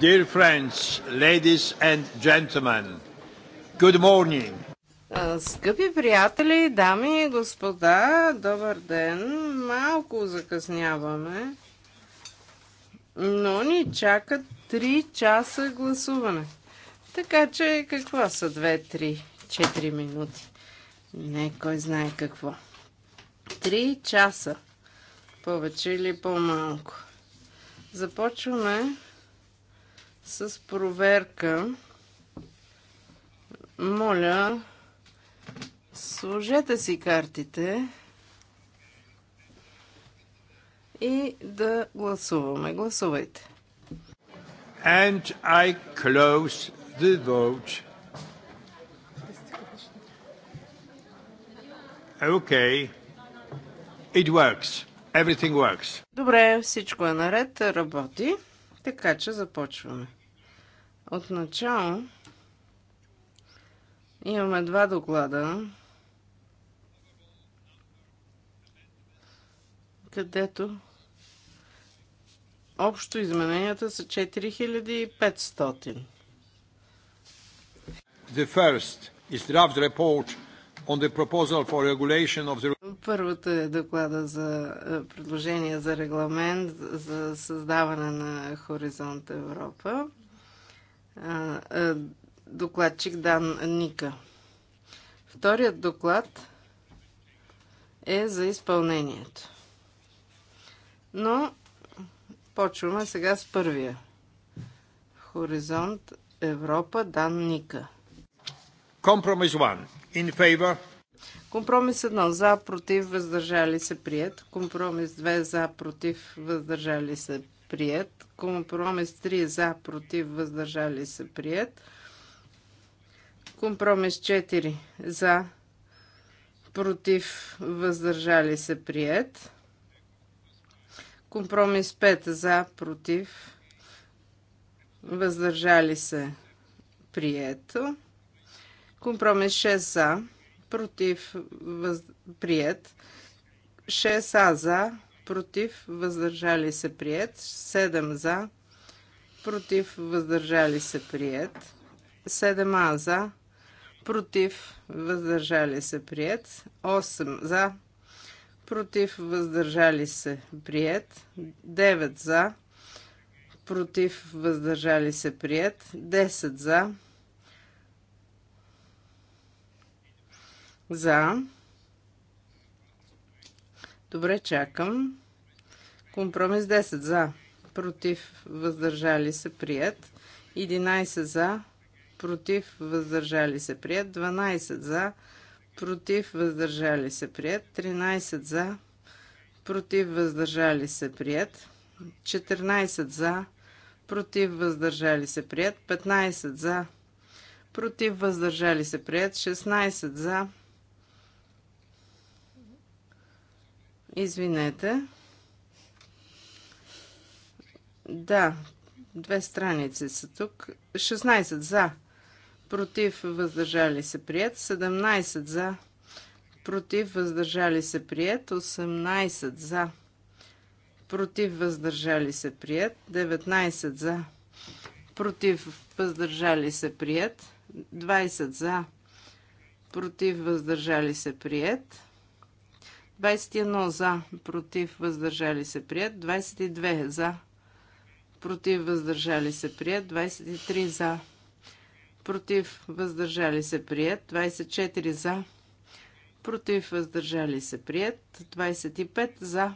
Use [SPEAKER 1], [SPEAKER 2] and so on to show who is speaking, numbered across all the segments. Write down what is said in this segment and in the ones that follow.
[SPEAKER 1] Dear friends, ladies and gentlemen, good morning.
[SPEAKER 2] Скъпи приятели, дами и господа, добър ден. Малко закъсняваме, но ни чакат 3 часа гласуване. Така че какво са 2, 3, 4 минути? Не, кой знае какво. 3 часа. Повече или по-малко. Започваме с проверка. Моля, сложете си картите и да гласуваме. Гласувайте.
[SPEAKER 1] And I close the vote. Okay. It works. Everything works.
[SPEAKER 2] Добре, всичко е наред, работи. Така че започваме. Отначало имаме два доклада, където общо измененията са 4500.
[SPEAKER 1] The first is draft report on the proposal for regulation of the... е
[SPEAKER 2] доклада за е, предложение за регламент за създаване на Хоризонт Европа. Е, докладчик Дан Ника. Вторият доклад е за изпълнението. Но почваме сега с първия. Хоризонт Европа Дан Ника.
[SPEAKER 1] Компромис 1. In favor.
[SPEAKER 2] Компромис 1. За, против, въздържали се, прият. Компромис 2. За, против, въздържали се, прият. Компромис 3 за, против, въздържали се, прият. Компромис 4 за, против, въздържали се, прият. Компромис 5 за, против, въздържали се, прието. Компромис 6 за, против, въз... прият. 6а за, против, въздържали се, прият. 7 за, против, въздържали се, прият. 7а за, против, въздържали се, прият. 8 за, против, въздържали се, прият. 9 за, против, въздържали се, прият. 10 за, за, Добре, чакам. Компромис 10 за, против, въздържали се, прият. 11 за, против, въздържали се, прият. 12 за, против, въздържали се, прият. 13 за, против, въздържали се, прият. 14 за, против, въздържали се, прият. 15 за, против, въздържали се, прият. 16 за, Извинете. Да, две страници са тук. 16 за, против, въздържали се, прият. 17 за, против, въздържали се, прият. 18 за, против, въздържали се, прият. 19 за, против, въздържали се, прият. 20 за, против, въздържали се, прият. 21 за, против, въздържали се, прият. 22 за, против, въздържали се, прият. 23 за, против, въздържали се, прият. 24 за, против, въздържали се, прият. 25 за,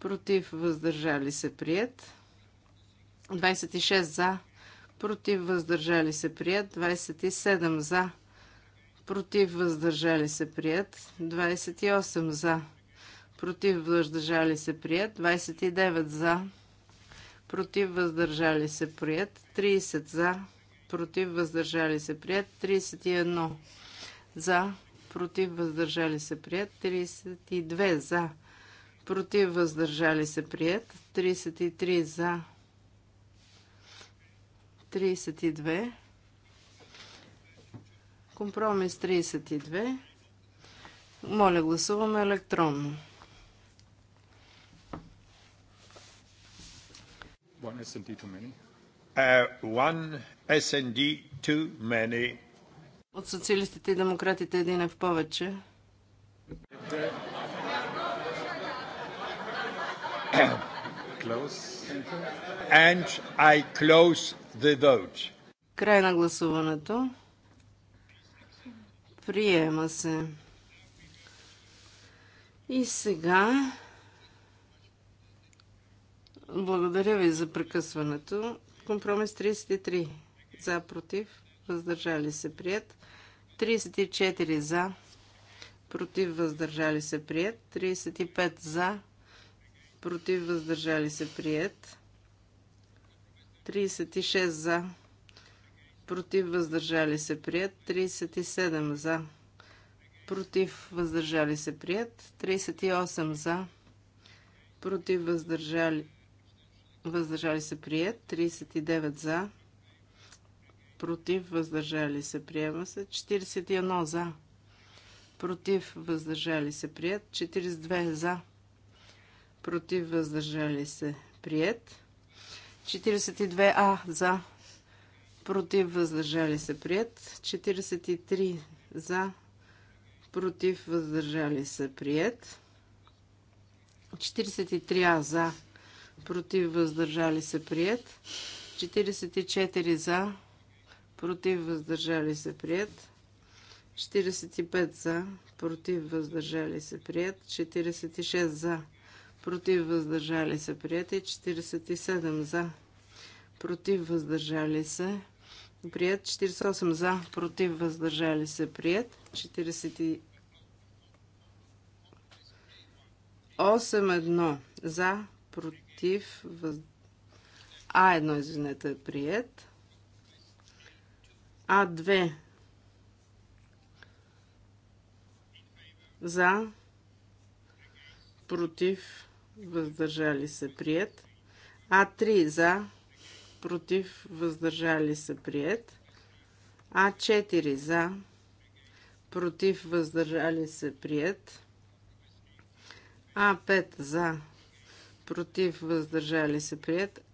[SPEAKER 2] против, въздържали се, прият. 26 за, против, въздържали се, прият. 27 за, против въздържали се прият, 28 за, против въздържали се прият, 29 за, против въздържали се прият, 30 за, против въздържали се прият, 31 за, против въздържали се прият, 32 за, против въздържали се прият, 33 за, 32 Компромис 32. Моля, гласуваме електронно.
[SPEAKER 1] One SND too many. Uh, one SND too many.
[SPEAKER 2] От социалистите и демократите един е в повече.
[SPEAKER 1] Close. And I close the vote.
[SPEAKER 2] Край на гласуването. Приема се. И сега. Благодаря ви за прекъсването. Компромис 33. За, против, въздържали се, прият. 34 за, против, въздържали се, прият. 35 за, против, въздържали се, прият. 36 за, против, въздържали се, прият. 37 за, против, въздържали се, прият. 38 за, против, въздържали, въздържали се, прият. 39 за, против, въздържали се, приема се. 41 за, против, въздържали се, прият. 42 за, против, въздържали се, прият. 42а за, против въздържали се прият, 43 за, против въздържали се прият, 43а за, против въздържали се прият, 44 за, против въздържали се прият, 45 за, против въздържали се прият, 46 за, против въздържали се прият и 47 за, против въздържали се Прият 48 за, против, въздържали се. Прият 48 1 за, против, въз... А1, извинете, е прият. А2 за, против, въздържали се. Прият. А3 за, против, въздържали се, прият. А4 за, против, въздържали се, прият. А5 за, против, въздържали се, прият.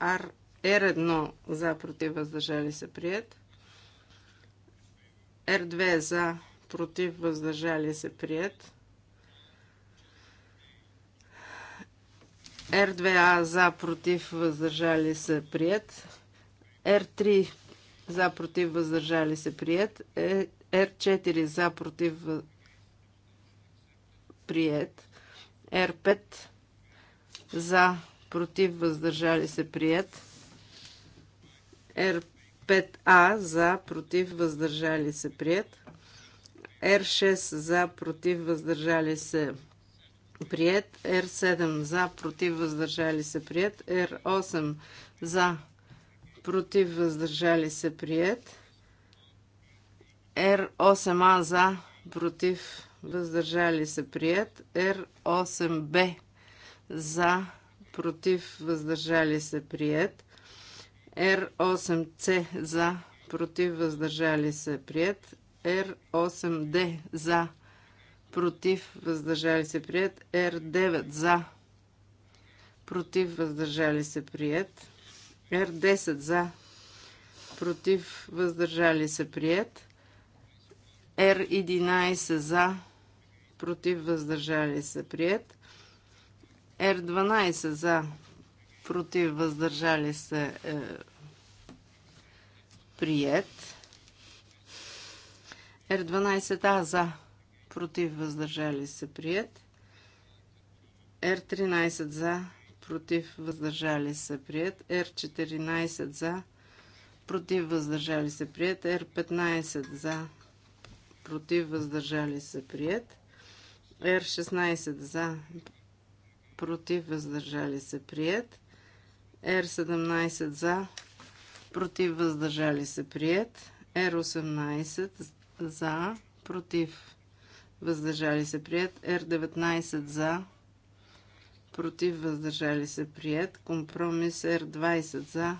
[SPEAKER 2] Р1 за, против, въздържали се, прият. Р2 за, против, въздържали се, прият. Р2А за против въздържали се прият. Р3 за против въздържали се прият. Е, Р4 за против прият. Р5 за против въздържали се прият. Р5А за против въздържали се прият. Р6 за против въздържали се прият. Прият Р7 за, против, въздържали се. Прият Р8 за, против, въздържали се. Прият Р8А за, против, въздържали се. Прият Р8Б за, против, въздържали се. Прият Р8C за, против, въздържали се. Прият р 8 д за, против, против, въздържали се, прият. Р9 за, против, въздържали се, прият. Р10 за, против, въздържали се, прият. Р11 за, против, въздържали се, прият. Р12 за, против, въздържали се, е, прият. Р12А за, против, въздържали се, прият. R13 за, против, въздържали се, прият. R14 за, против, въздържали се, прият. R15 за, против, въздържали се, прият. R16 за, против, въздържали се, прият. R17 за, против, въздържали се, прият. R18 за, против, въздържали се прият, R19 за, против въздържали се прият, компромис R20 за,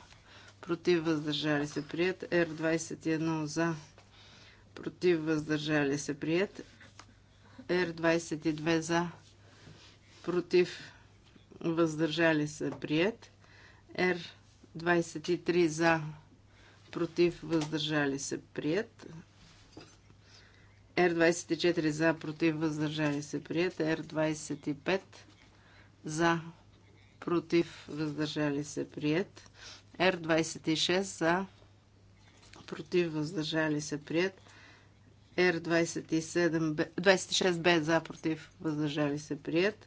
[SPEAKER 2] против въздържали се прият, R21 за, против въздържали се прият, R22 за, против въздържали се прият, R23 за, против въздържали се прият, Р24 за, против, въздържали се, прият. Р25 за, против, въздържали се, прият. Р26 за, против, въздържали се, прият. Р26Б за, против, въздържали се, прият.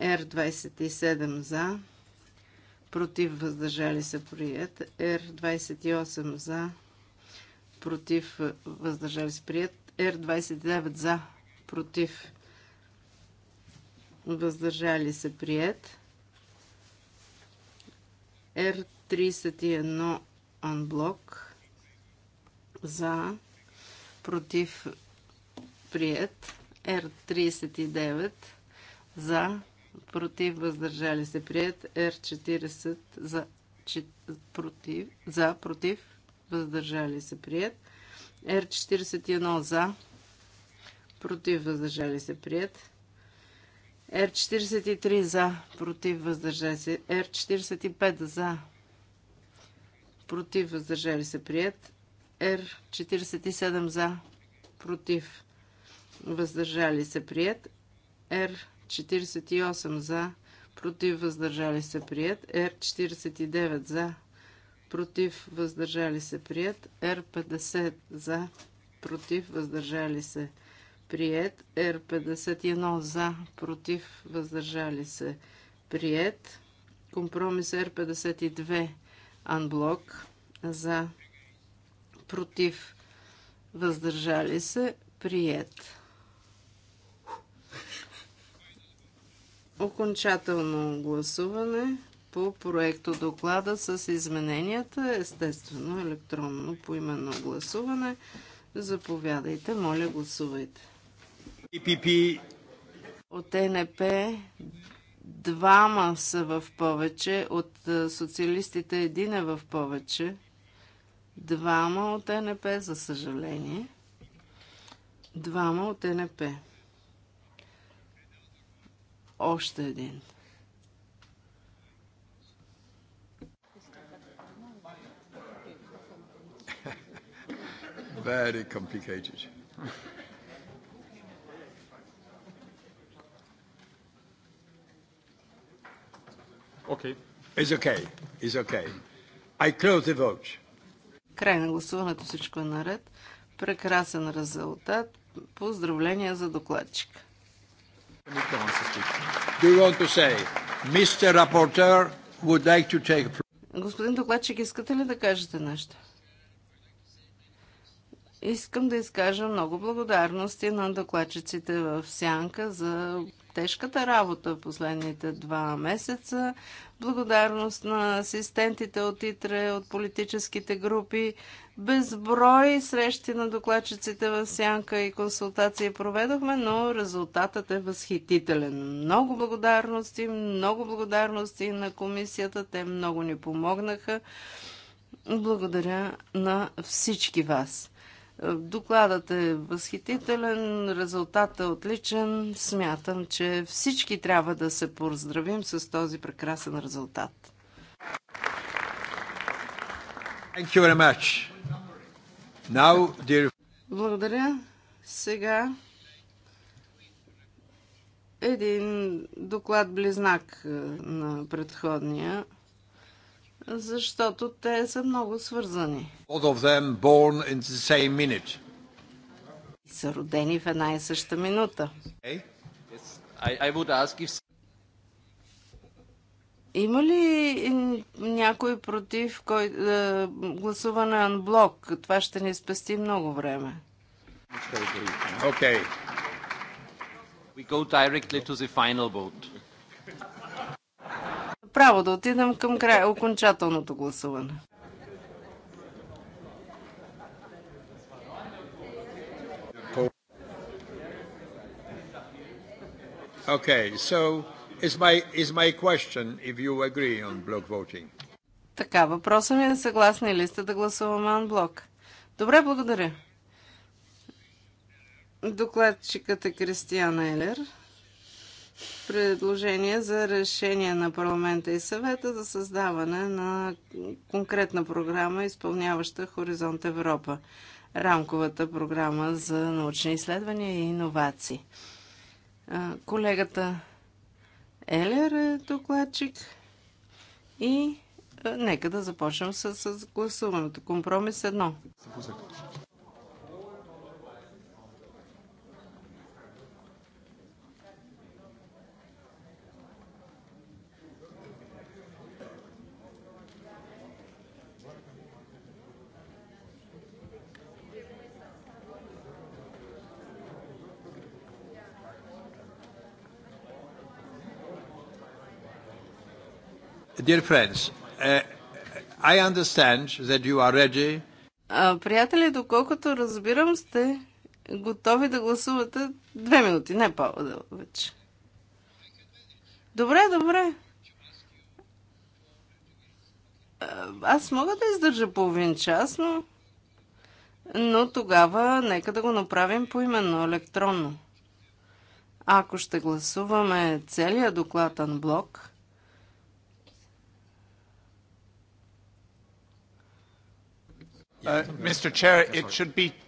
[SPEAKER 2] Р27 за, против, въздържали се, прият. Р28 за, против, въздържали се, прият. Р29 за, против, въздържали се, прият. Р31 анблок за, против, прият. Р39 за, против, въздържали се, прият. Р40 за, против, за, против, въздържали се, прият. Р41 за. Против въздържали се прият. Р43 за. Против въздържали се. Р45 за. Против въздържали се прият. Р47 за. Против въздържали се прият. Р48 за. Против въздържали се прият. Р49 за против, въздържали се, прият. Р50 за, против, въздържали се, прият. Р51 за, против, въздържали се, прият. Компромис Р52 анблок за, против, въздържали се, прият. Окончателно гласуване по проекто доклада с измененията, естествено електронно по именно гласуване. Заповядайте, моля гласувайте. ПП. От НП двама са в повече, от социалистите един е в повече. Двама от НП, за съжаление. Двама от НП. Още един.
[SPEAKER 1] very complicated. Okay. It's okay. It's okay. I close the vote.
[SPEAKER 2] Край на гласуването всичко е наред. Прекрасен резултат. Поздравления за докладчик.
[SPEAKER 1] Do you want to say, Mr. Rapporteur would like to take... Господин докладчик, искате ли да кажете нещо?
[SPEAKER 2] Искам да изкажа много благодарности на докладчиците в Сянка за тежката работа в последните два месеца. Благодарност на асистентите от ИТРЕ, от политическите групи. Безброй срещи на докладчиците в Сянка и консултации проведохме, но резултатът е възхитителен. Много благодарности, много благодарности на комисията. Те много ни помогнаха. Благодаря на всички вас. Докладът е възхитителен, резултатът е отличен. Смятам, че всички трябва да се поздравим с този прекрасен резултат.
[SPEAKER 1] Now, dear...
[SPEAKER 2] Благодаря. Сега един доклад близнак е, на предходния защото те са много свързани. И са родени в една и съща минута.
[SPEAKER 3] Okay.
[SPEAKER 1] I,
[SPEAKER 2] I if... Има ли някой против кой, да, е, гласуване анблок? Това ще ни спести много време.
[SPEAKER 1] Okay. We go directly to the final vote
[SPEAKER 2] направо да отидем към края, окончателното гласуване.
[SPEAKER 1] Okay, so is my, is my question if you agree on block voting.
[SPEAKER 2] Така, въпросът ми е съгласни ли сте да гласуваме анблок? Добре, благодаря. Докладчикът е Кристиана Елер предложение за решение на парламента и съвета за създаване на конкретна програма, изпълняваща Хоризонт Европа, рамковата програма за научни изследвания и иновации. Колегата Елер е докладчик и нека да започнем с, с гласуването. Компромис едно.
[SPEAKER 1] Dear friends, uh, I understand that you are ready. А, приятели,
[SPEAKER 2] доколкото разбирам, сте готови да гласувате две минути, не повече. Добре, добре. Аз мога да издържа половин час, но... Но тогава нека да го направим поименно, електронно. Ако ще гласуваме целият доклад анблок,
[SPEAKER 1] Uh,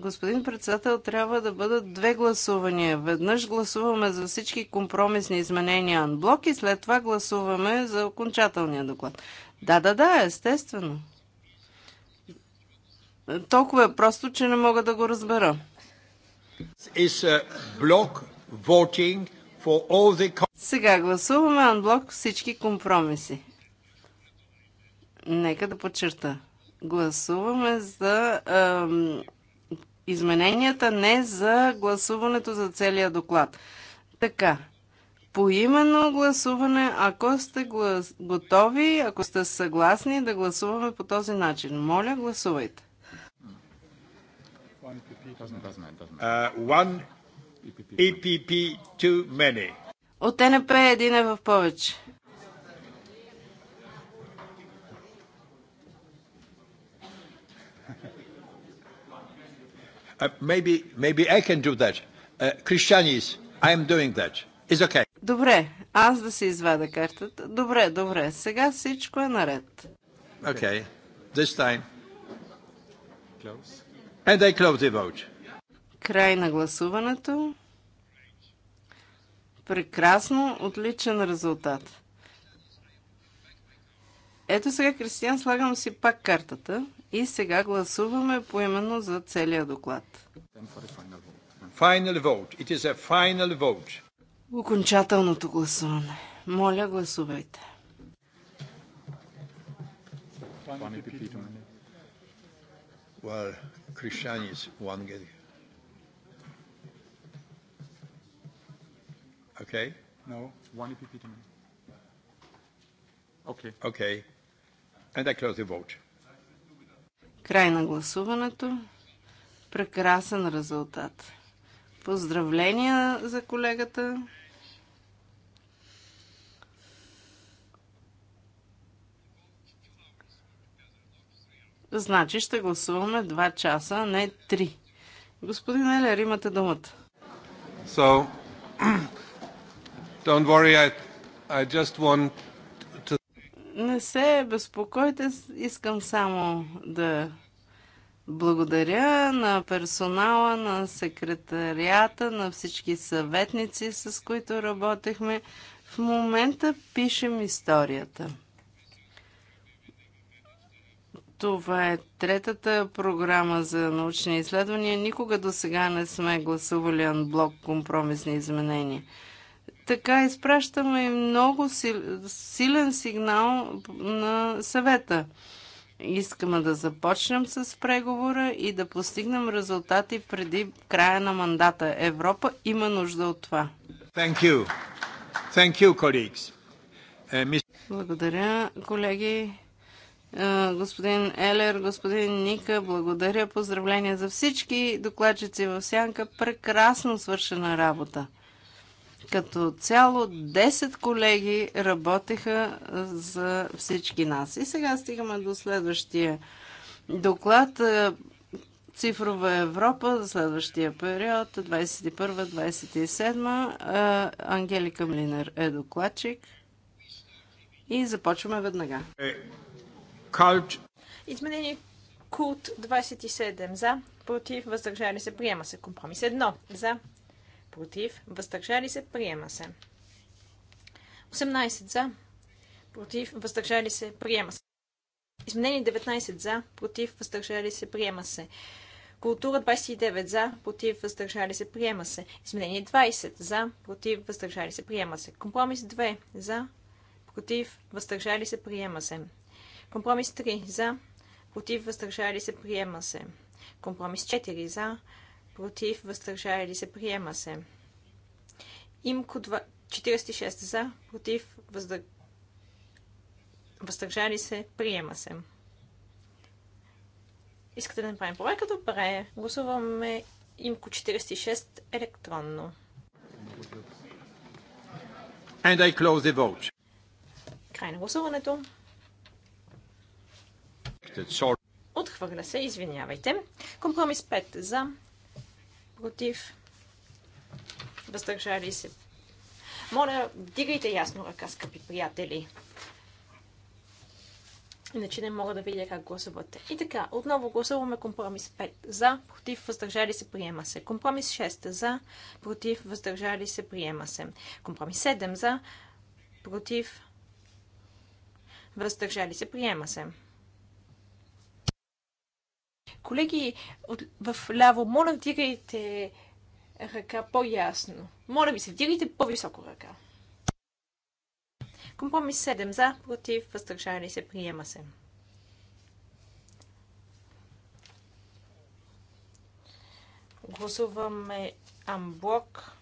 [SPEAKER 2] Господин председател, трябва да бъдат две гласувания. Веднъж гласуваме за всички компромисни изменения анблок и след това гласуваме за окончателния доклад. Да, да, да, естествено. Толкова е просто, че не мога да го разбера. Uh, Сега гласуваме анблок всички компромиси. Нека да подчерта. Гласуваме за ам, измененията, не за гласуването за целия доклад. Така, поименно гласуване, ако сте глас... готови, ако сте съгласни да гласуваме по този начин. Моля, гласувайте. От НП един е в повече.
[SPEAKER 1] Uh, maybe, maybe I can do that. Uh, Christianis, I am doing that. It's okay.
[SPEAKER 2] Добре, аз да си извада картата. Добре, добре. Сега всичко е наред.
[SPEAKER 1] Okay. This time. Close. And I close the vote.
[SPEAKER 2] Край на гласуването. Прекрасно, отличен резултат. Ето сега, Кристиян, слагам си пак картата и сега гласуваме поименно за целия доклад.
[SPEAKER 1] Final vote. It is a final vote.
[SPEAKER 2] Окончателното гласуване. Моля, гласувайте.
[SPEAKER 1] Well, Christian is one guy. Okay? No, one EPP to me. Okay. Okay.
[SPEAKER 4] Край
[SPEAKER 2] на гласуването. Прекрасен резултат. Поздравления за колегата. Значи ще гласуваме 2 часа, а не 3. Господин Елер, имате думата.
[SPEAKER 1] So, don't worry, I, I just want
[SPEAKER 2] не се безпокойте, искам само да благодаря на персонала, на секретарията, на всички съветници, с които работехме. В момента пишем историята. Това е третата програма за научни изследвания. Никога до сега не сме гласували анблок компромисни изменения така изпращаме и много силен сигнал на съвета. Искаме да започнем с преговора и да постигнем резултати преди края на мандата. Европа има нужда от това.
[SPEAKER 1] Thank you. Thank you, colleagues. Е,
[SPEAKER 2] благодаря, колеги. Е, господин Елер, господин Ника, благодаря. Поздравления за всички докладчици в Сянка. Прекрасно свършена работа. Като цяло 10 колеги работеха за всички нас. И сега стигаме до следващия доклад. Цифрова Европа за следващия период 21-27. Ангелика Млинер е докладчик. И започваме веднага. Е,
[SPEAKER 3] Изменение Култ 27 за, против, въздържали се, приема се компромис 1 за, против, въздържали се, приема се. 18 за, против, въздържали се, приема се. Изменени 19 за, против, въздържали се, приема се. Култура 29 за, против, въздържали се, приема се. Изменение 20 за, против, въздържали се, приема се. Компромис 2 за, против, въздържали се, приема се. Компромис 3 за, против, въздържали се, приема се. Компромис 4 за, против, въздържали се, приема се. Имко 46 за, против, въздър... въздържали се, приема се. Искате да направим проверка? Добре. Гласуваме имко 46 електронно.
[SPEAKER 1] And I close the vote.
[SPEAKER 3] Край на гласуването. Отхвърля се, извинявайте. Компромис 5 за, против, въздържали се. Моля, дигайте ясно ръка, скъпи приятели. Иначе не мога да видя как гласувате. И така, отново гласуваме компромис 5 за, против, въздържали се, приема се. Компромис 6 за, против, въздържали се, приема се. Компромис 7 за, против, въздържали се, приема се. Колеги, от, в ляво, моля, вдигайте ръка по-ясно. Моля ви се, вдигайте по-високо ръка. Компромис 7 за, против, въздържали се, приема се. Гласуваме амблок.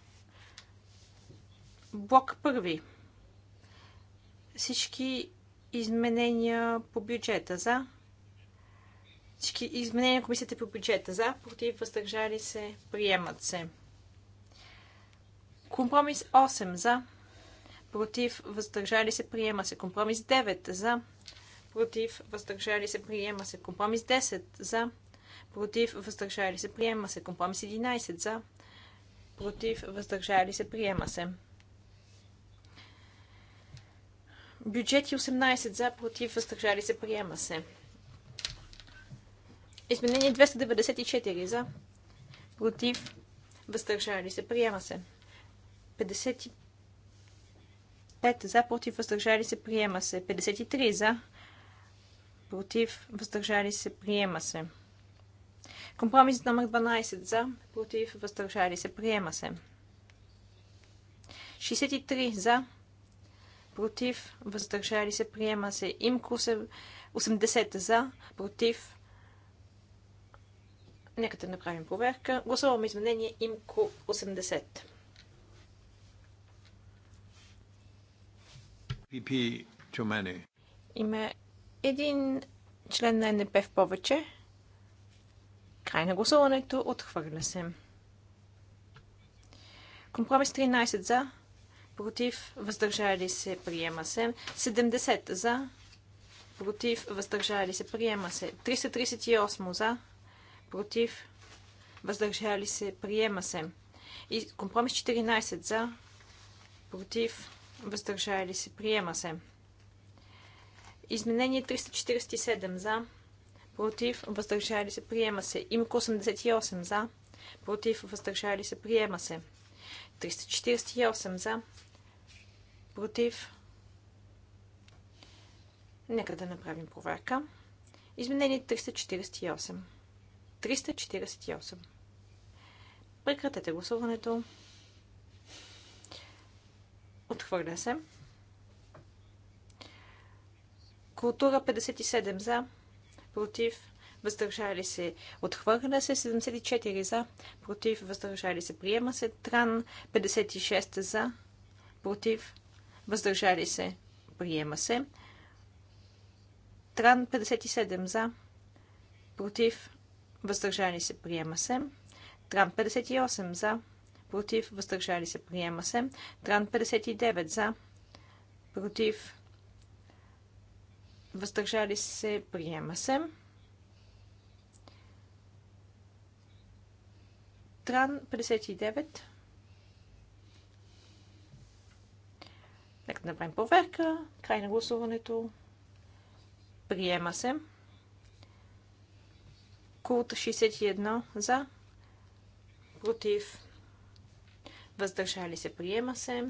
[SPEAKER 3] Блок първи. Всички изменения по бюджета за всички изменения на комисията по бюджета за, против, въздържали се, приемат се. Компромис 8 за, против, въздържали се, приема се. Компромис 9 за, против, въздържали се, приема се. Компромис 10 за, против, въздържали се, приема се. Компромис 11 за, против, въздържали се, приема се. Бюджети 18 за, против, въздържали се, приема се. Изменение 294 за. Против. Въздържали се. Приема се. 55 за. Против. Въздържали се. Приема се. 53 за. Против. Въздържали се. Приема се. Компромис номер 12 за. Против. Въздържали се. Приема се. 63 за. Против. Въздържали се. Приема се. Имко 80 за. Против Нека да направим проверка. Гласуваме изменение ИМКО 80.
[SPEAKER 1] PP too many.
[SPEAKER 3] Има един член на НП в повече. Край на гласуването. Отхвърля се. Компромис 13 за. Против. Въздържали се. Приема се. 70 за. Против. Въздържали се. Приема се. 338 за против, въздържали се, приема се. И компромис 14 за, против, въздържали се, приема се. Изменение 347 за, против, въздържали се, приема се. Имко 88 за, против, въздържали се, приема се. 348 за, против. Нека да направим проверка. Изменение 348. 348. Прекратете гласуването. Отхвърля се. Култура 57 за, против, въздържали се, отхвърля се, 74 за, против, въздържали се, приема се, Тран 56 за, против, въздържали се, приема се, Тран 57 за, против, въздържали се, приема се. Тран 58 за, против, въздържали се, приема се. Тран 59 за, против, въздържали се, приема се. Тран 59. Нека да направим проверка. Край на гласуването. Приема се. Култ 61 за. Против. Въздържали се. Приема се.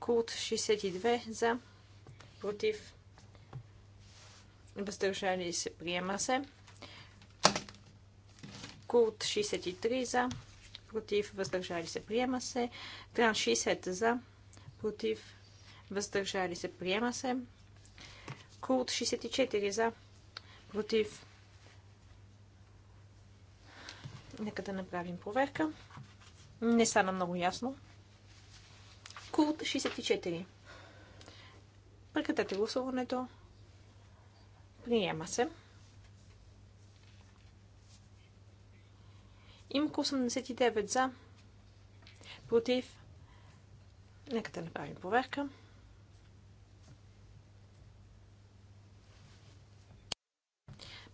[SPEAKER 3] Култ 62 за. Против. Въздържали се. Приема се. Култ 63 за. Против. Въздържали се. Приема се. Тран 60 за. Против. Въздържали се. Приема се. Култ 64 за. Против Нека да направим проверка. Не стана много ясно. Култ 64. Прекратете гласуването. Приема се. Имко 89 за. Против. Нека да направим проверка.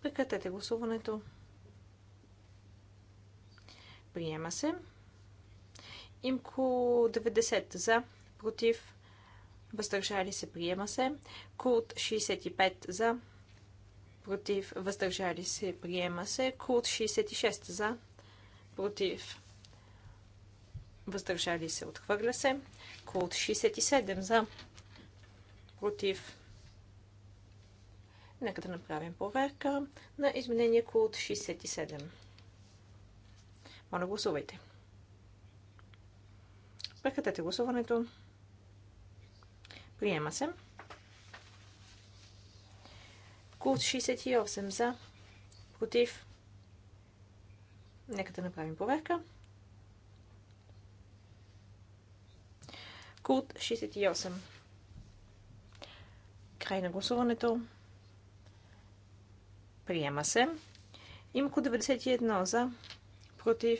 [SPEAKER 3] Прекратете гласуването. Приема се. Имко 90 за, против, въздържали се, приема се. Култ 65 за, против, въздържали се, приема се. Култ 66 за, против, въздържали се, отхвърля се. Култ 67 за, против. Нека да направим проверка на изменение Култ 67. Моля, гласувайте. Прекратете гласуването. Приема се. Култ 68 за, против. Нека да направим проверка. Култ 68. Край на гласуването. Приема се. Имко 91 за, против,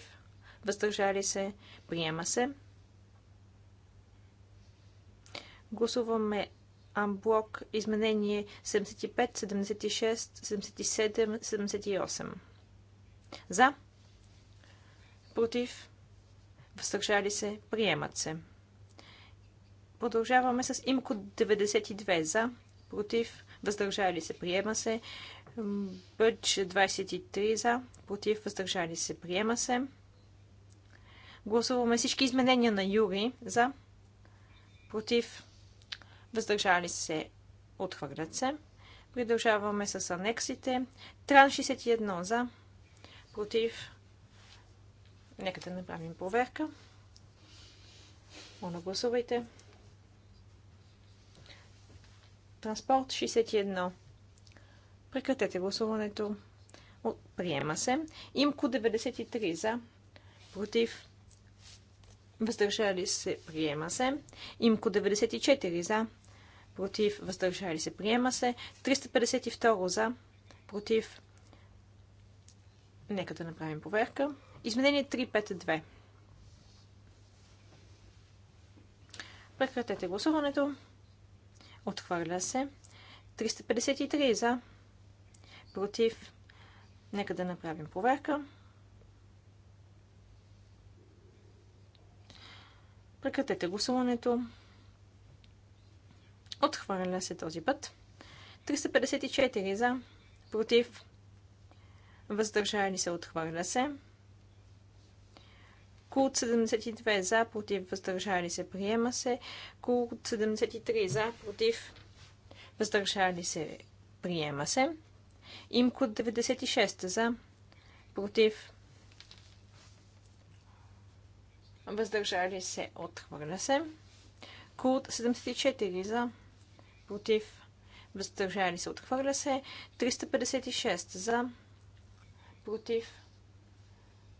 [SPEAKER 3] въздържали се, приема се. Гласуваме амблок изменение 75, 76, 77, 78. За, против, въздържали се, приемат се. Продължаваме с имко 92 за, против, въздържали се, приема се. Бъч 23 за, против, въздържали се, приема се. Гласуваме всички изменения на Юри за, против, въздържали се, отхвърлят се. Продължаваме с анексите. Тран 61 за, против. Нека да направим проверка. Моля, гласувайте. Транспорт 61. Прекратете гласуването. Приема се. Имко 93 за. Против. Въздържали се. Приема се. Имко 94 за. Против. Въздържали се. Приема се. 352 за. Против. Нека да направим поверка. Изменение 352. Прекратете гласуването. Отхвърля се. 353 за против. Нека да направим проверка. Прекратете гласуването. Отхвърля се този път. 354 за, против, въздържали се, отхвърля се. Култ 72 за, против, въздържали се, приема се. Култ 73 за, против, въздържали се, приема се. Имко 96 за, против, въздържали се, отхвърля се. Култ 74 за, против, въздържали се, отхвърля се. 356 за, против,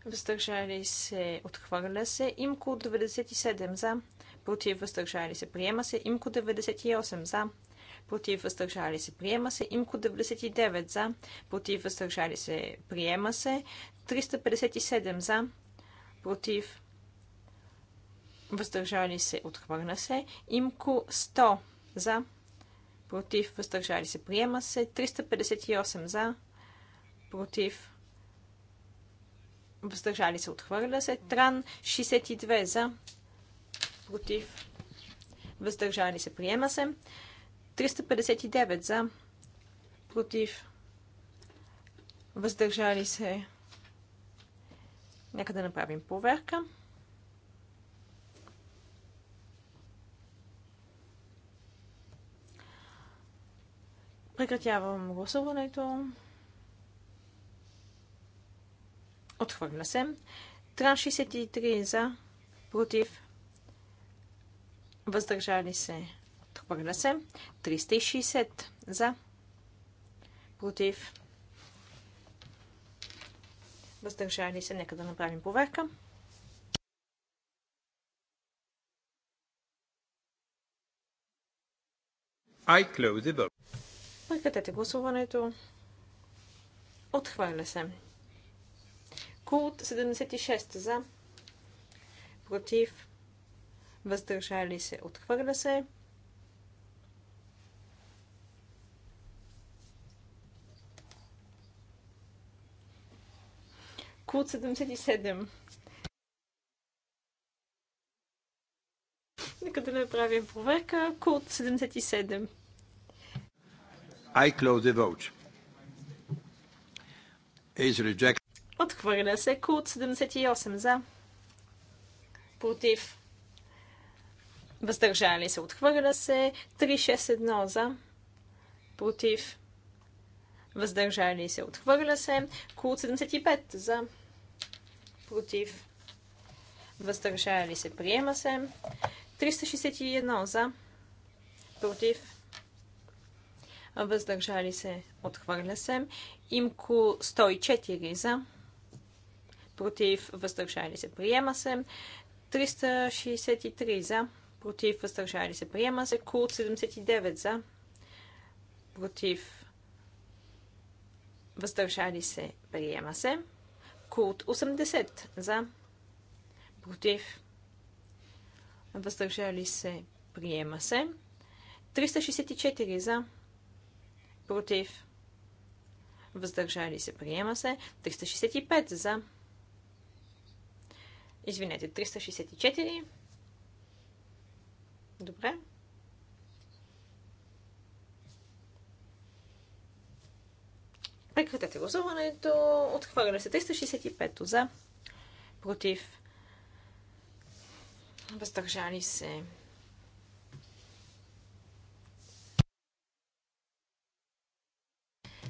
[SPEAKER 3] въздържали се, отхвърля се. Имко 97 за, против, въздържали се, приема се. Имко 98 за, против въздържали се, приема се. Имко 99 за, против въздържали се, приема се. 357 за, против въздържали се, отхвърля се. Имко 100 за, против въздържали се, приема се. 358 за, против въздържали се, отхвърля се. Тран 62 за, против въздържали се, приема се. 359 за, против, въздържали се. Нека да направим проверка. Прекратявам гласуването. Отхвърля се. Тран 63 за, против, въздържали се. Отхвърля се. 360 за. Против. Въздържали се. Нека да направим поверка.
[SPEAKER 1] I close the vote.
[SPEAKER 3] Прекратете гласуването. Отхвърля се. Култ 76 за. Против. Въздържали се. Отхвърля се. Култ 77. Нека да направим проверка. Култ 77.
[SPEAKER 1] I close the vote. Is rejected.
[SPEAKER 3] Отхвърля се култ 78 за. Против. Въздържали се. Отхвърля се 361 за. Против въздържали се, отхвърля се. кул 75 за против, въздържали се, приема се. 361 за против, въздържали се, отхвърля се. Имко 104 за против, въздържали се, приема се. 363 за против, въздържали се, приема се. Кул 79 за против, въздържали се, приема се. Култ 80 за, против, въздържали се, приема се. 364 за, против, въздържали се, приема се. 365 за, извинете, 364. Добре. Прекратете гласуването. Отхвърля се 365 за. Против. Въздържали се.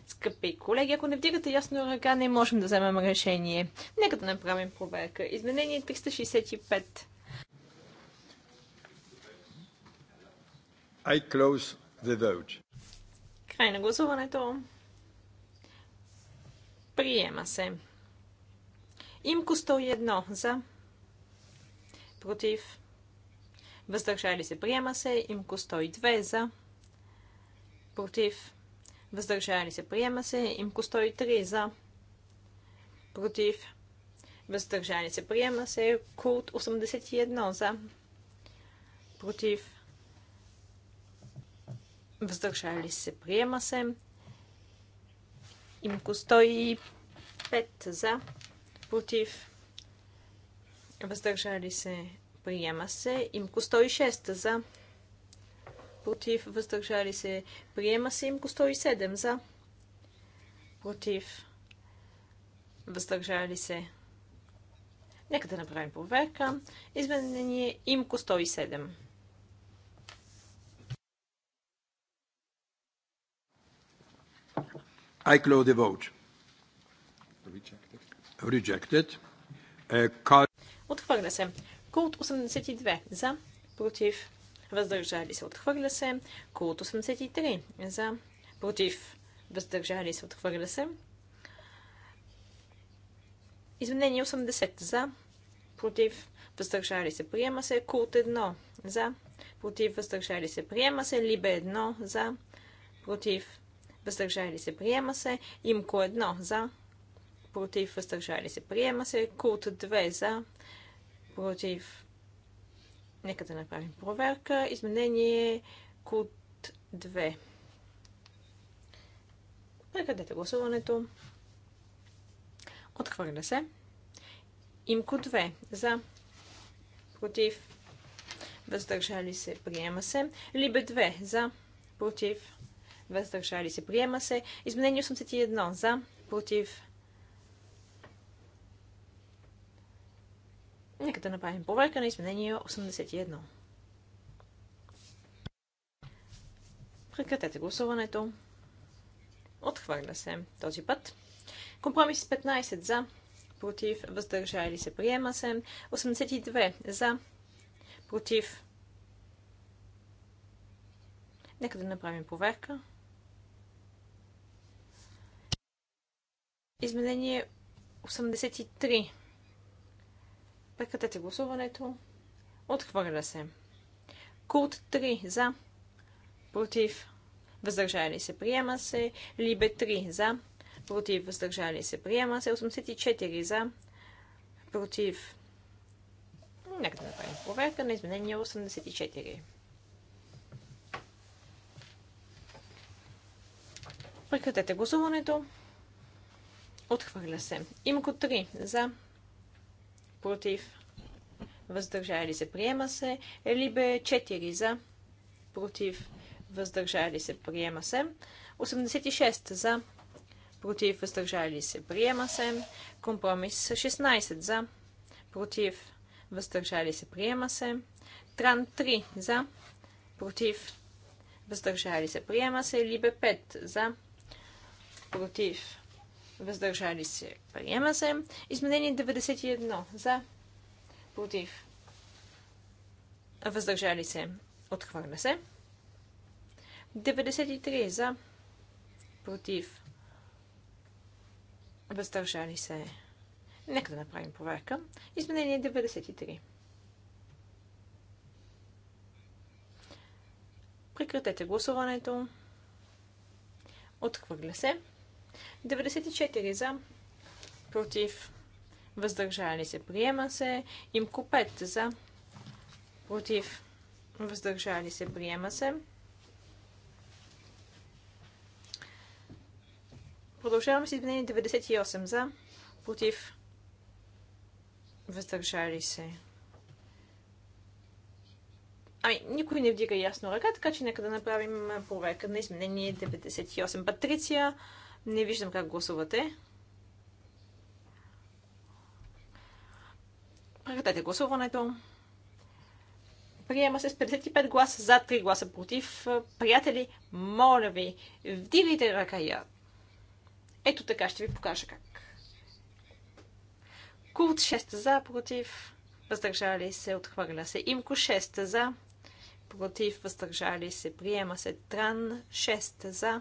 [SPEAKER 3] Скъпи колеги, ако не вдигате ясно ръка, не можем да вземем решение. Нека да направим проверка. Изменение 365.
[SPEAKER 1] I close the vote.
[SPEAKER 3] Край на гласуването. Приема се. Имко 101 за. Против. Въздържали се. Приема се. Имко 102 за. Против. Въздържали се. Приема се. Имко 103 за. Против. Въздържали се. Приема се. Култ 81 за. Против. Въздържали се. Приема се. Имко 105 за, против, въздържали се, приема се. Имко 106 за, против, въздържали се, приема се. Имко 107 за, против, въздържали се. Нека да направим проверка. Изменение имко 107.
[SPEAKER 1] I close the vote. Rejected. Rejected. Uh,
[SPEAKER 3] Отхвърля се. Култ 82. За. Против. Въздържали се. Отхвърля се. Култ 83. За. Против. Въздържали се. Отхвърля се. Изменение 80. За. Против. Въздържали се. Приема се. Култ 1. За. Против. Въздържали се. Приема се. Либе 1. За. Против въздържали се, приема се. Имко 1 за, против, въздържали се, приема се. Култ 2 за, против. Нека да направим проверка. Изменение култ 2. Прекратете гласуването. Отхвърля се. Имко 2 за, против, въздържали се, приема се. Либе 2 за, против, въздържали се. Приема се. Изменение 81 за, против. Нека да направим проверка на изменение 81. Прекратете гласуването. Отхвърля се този път. Компромис 15 за, против, въздържали се, приема се. 82 за, против. Нека да направим проверка. Изменение 83. Прекратете гласуването. Отхвърля се. Култ 3 за. Против. Въздържали се. Приема се. Либе 3 за. Против. Въздържали се. Приема се. 84 за. Против. Нека да направим проверка на изменение 84. Прекратете гласуването. Отхвърля се. Има код 3 за, против, въздържали се, приема се. Либе 4 за, против, въздържали се, приема се. 86 за, против, въздържали се, приема се. Компромис 16 за, против, въздържали се, приема се. Тран 3 за, против, въздържали се, приема се. Либе 5 за, против, въздържали се, приема се. Изменение 91 за, против, въздържали се, отхвърля се. 93 за, против, въздържали се. Нека да направим проверка. Изменение 93. Прекратете гласуването. Отхвърля се. 94 за, против, въздържали се, приема се. Имко 5 за, против, въздържали се, приема се. Продължаваме с изменение 98 за, против, въздържали се. Ами, никой не вдига ясно ръка, така че нека да направим проверка на изменение 98. Патриция, не виждам как гласувате. Прекратете гласуването. Приема се с 55 гласа за, 3 гласа против. Приятели, моля ви, вдигайте ръкая. Ето така ще ви покажа как. Курт 6 за, против. Въздържали се, отхвърля се. Имко 6 за, против. Въздържали се, приема се. Тран 6 за,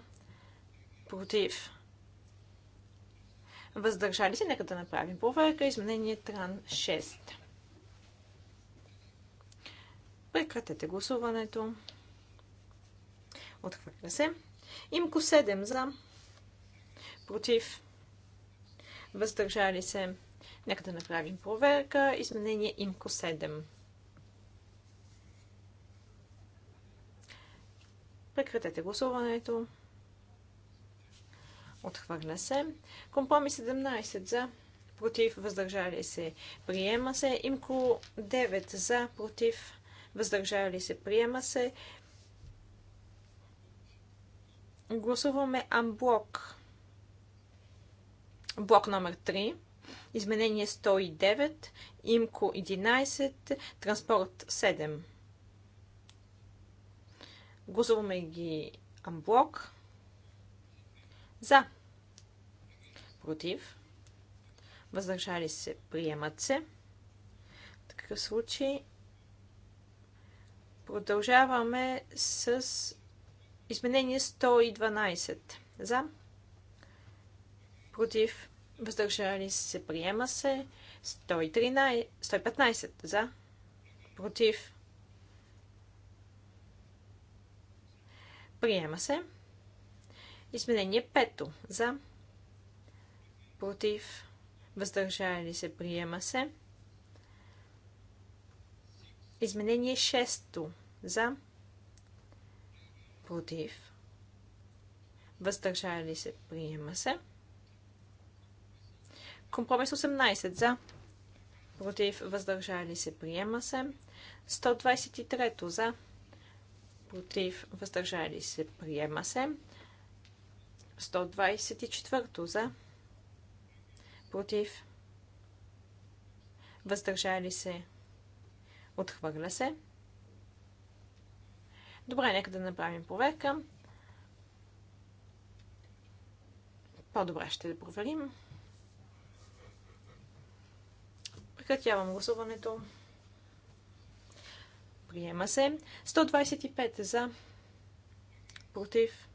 [SPEAKER 3] Против. Въздържали се, нека да направим проверка. Изменение Тран 6. Прекратете гласуването. Отхвърля се. Имко 7 за. Против. Въздържали се. Нека да направим проверка. Изменение Имко 7. Прекратете гласуването. Отхвърля се. Компромис 17 за. Против. Въздържали се. Приема се. Имко 9 за. Против. Въздържали се. Приема се. Гласуваме амблок. Блок номер 3. Изменение 109. Имко 11. Транспорт 7. Гласуваме ги амблок. За. Против. Въздържали се. Приемат се. В такъв случай продължаваме с изменение 112. За. Против. Въздържали се. Приема се. 113, 115 за. Против. Приема се. Изменение 5 за, против, въздържали се, приема се. Изменение 6 за, против, въздържали се, приема се. Компромис 18 за, против, въздържали се, приема се. 123 за, против, въздържали се, приема се. 124 за, против, въздържали се, отхвърля се. Добре, нека да направим проверка. По-добре ще да проверим. Прекратявам гласуването. Приема се. 125 за. Против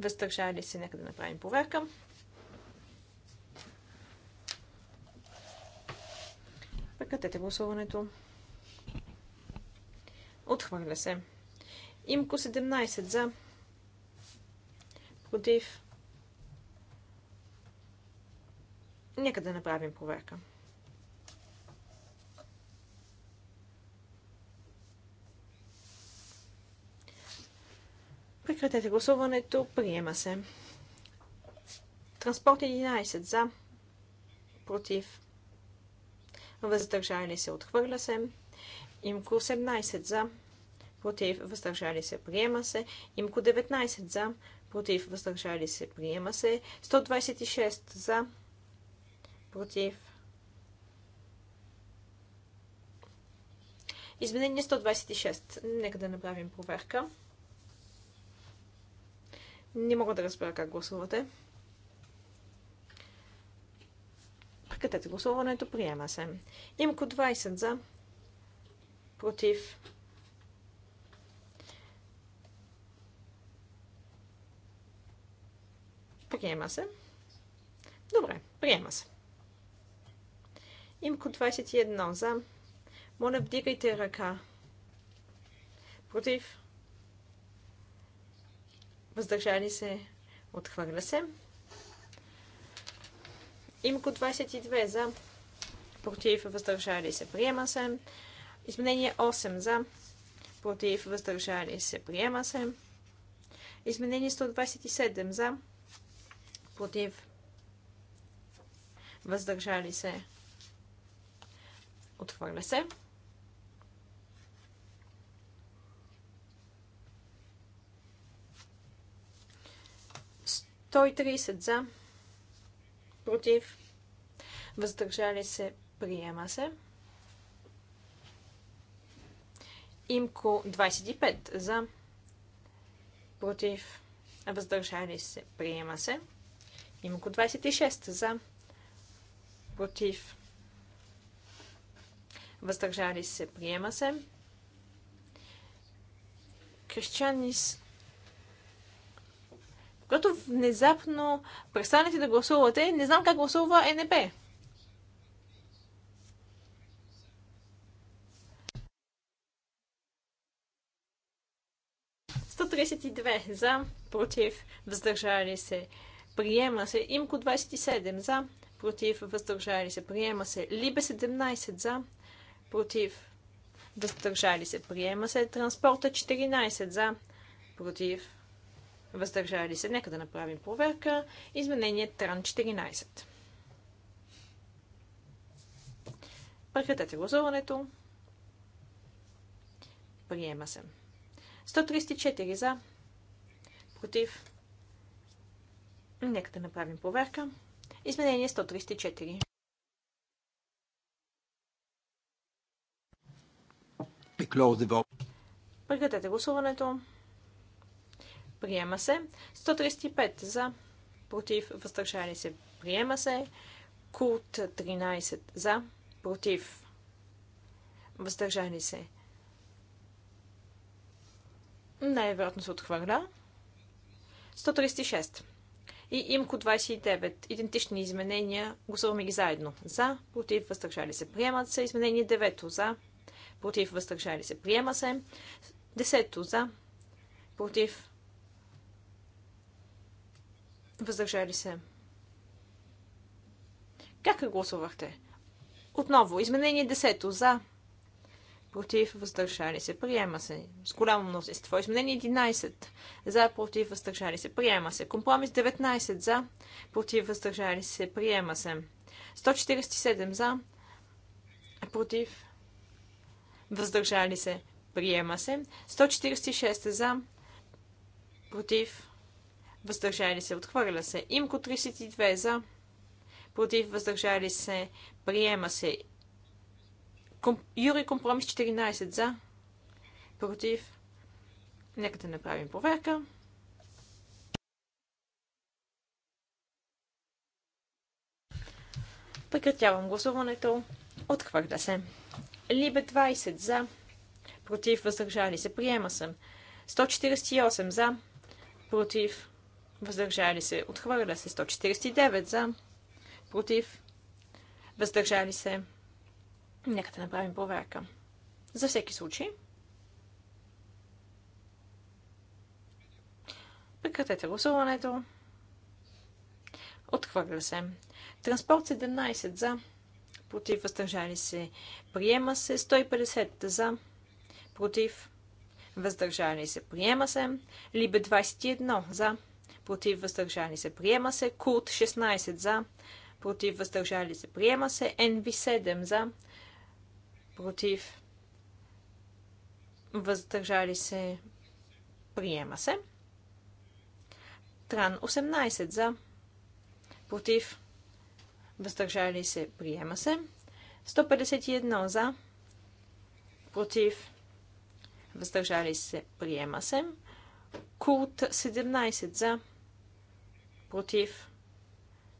[SPEAKER 3] въздържали се, нека да направим проверка. Прекратете гласуването. Отхвърля се. Имко 17 за. Против. Нека да направим проверка. Прекратете гласуването. Приема се. Транспорт 11 за. Против. Въздържали се. Отхвърля се. Имко 18 за. Против. Въздържали се. Приема се. Имко 19 за. Против. Въздържали се. Приема се. 126 за. Против. Изменение 126. Нека да направим проверка. Не мога да разбера как гласувате. Прекратете гласуването. Приема се. Имко 20 за. Против. Приема се. Добре, приема се. Имко 21 за. Моля, вдигайте ръка. Против въздържали се, отхвърля се. Имко 22 за, против, въздържали се, приема се. Изменение 8 за, против, въздържали се, приема се. Изменение 127 за, против, въздържали се, отхвърля се. 130 за, против, въздържали се, приема се. Имко 25 за, против, въздържали се, приема се. Имко 26 за, против, въздържали се, приема се. Крещанис когато внезапно престанете да гласувате, не знам как гласува НП. за, против, въздържали се, приема се. Имко 27 за, против, въздържали се, приема се. Либе 17 за, против, въздържали се, приема се. Транспорта 14 за, против, въздържали се. Нека да направим проверка. Изменение Тран 14. Прекратете гласуването. Приема се. 134 за. Против. Нека да направим проверка. Изменение 134. Прекратете гласуването. Приема се. 135 за. Против. Въздържали се. Приема се. Култ 13 за. Против. Въздържали се. Най-вероятно се отхвърля. 136. И имко 29. Идентични изменения. Гласуваме ги заедно. За. Против. Въздържали се. Приемат се. Изменение 9. За. Против. Въздържали се. Приема се. 10. За. Против Въздържали се. Как гласувахте? Отново, изменение 10 за. Против, въздържали се. Приема се. С голямо мнозинство. Изменение 11 за. Против, въздържали се. Приема се. Компромис 19 за. Против, въздържали се. Приема се. 147 за. Против, въздържали се. Приема се. 146 за. Против, въздържали се, отхвърля се. Имко 32 за, против, въздържали се, приема се. Ком... Юри компромис 14 за, против. Нека да направим проверка. Прекратявам гласуването. Отхвърля се. Либе 20 за. Против въздържали се. Приема съм. 148 за. Против въздържали се, отхвърля се 149 за, против, въздържали се. Нека да направим проверка. За всеки случай. Прекратете гласуването. Отхвърля се. Транспорт 17 за. Против въздържали се. Приема се 150 за. Против въздържали се. Приема се. Либе 21 за против въздържали се, приема се. Култ 16 за, против въздържали се, приема се. нв 7 за, против въздържали се, приема се. Тран 18 за, против въздържали се, приема се. 151 за, против въздържали се, приема се. Култ 17 за, против,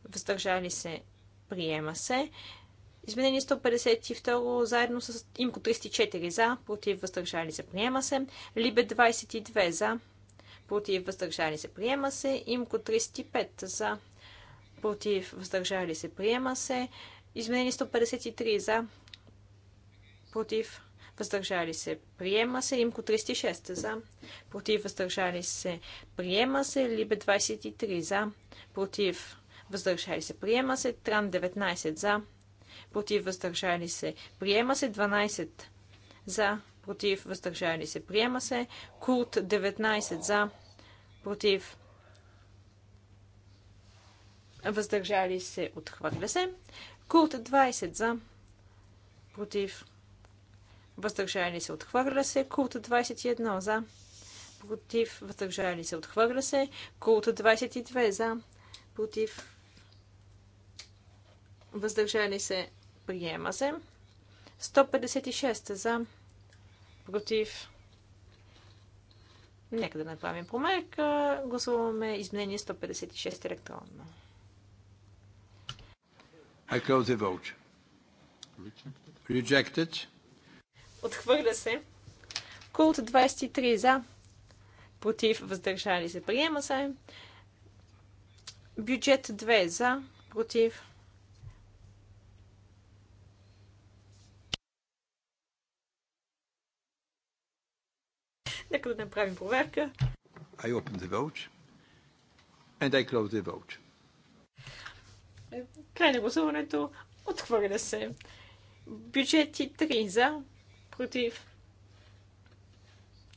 [SPEAKER 3] въздържали се, приема се. Изменение 152 заедно с имко 304 за, против, въздържали се, приема се. Либе 22 за, против, въздържали се, приема се. Имко 305 за, против, въздържали се, приема се. Изменение 153 за, против, въздържали се, приема се. Имко 36 за, против, въздържали се, приема се. Либе 23 за, против, въздържали се, приема се. Тран 19 за, против, въздържали се, приема се. 12 за, против, въздържали се, приема се. Курт 19 за, против, въздържали се, отхвърля се. Курт 20 за, против, въздържали се, отхвърля се. Култ 21 за, против, въздържали се, отхвърля се. Култ 22 за, против, въздържали се, приема се. 156 за, против. Нека да направим померка. Гласуваме изменение 156 електронно.
[SPEAKER 1] I close the vote. Rejected.
[SPEAKER 3] Отхвърля се. Култ 23 за. Против. Въздържали се. Приема се. Бюджет 2 за. Против. Нека да направим проверка.
[SPEAKER 1] I open the vote and I close the vote.
[SPEAKER 3] Край на гласуването. Отхвърля се. Бюджети 3 за против,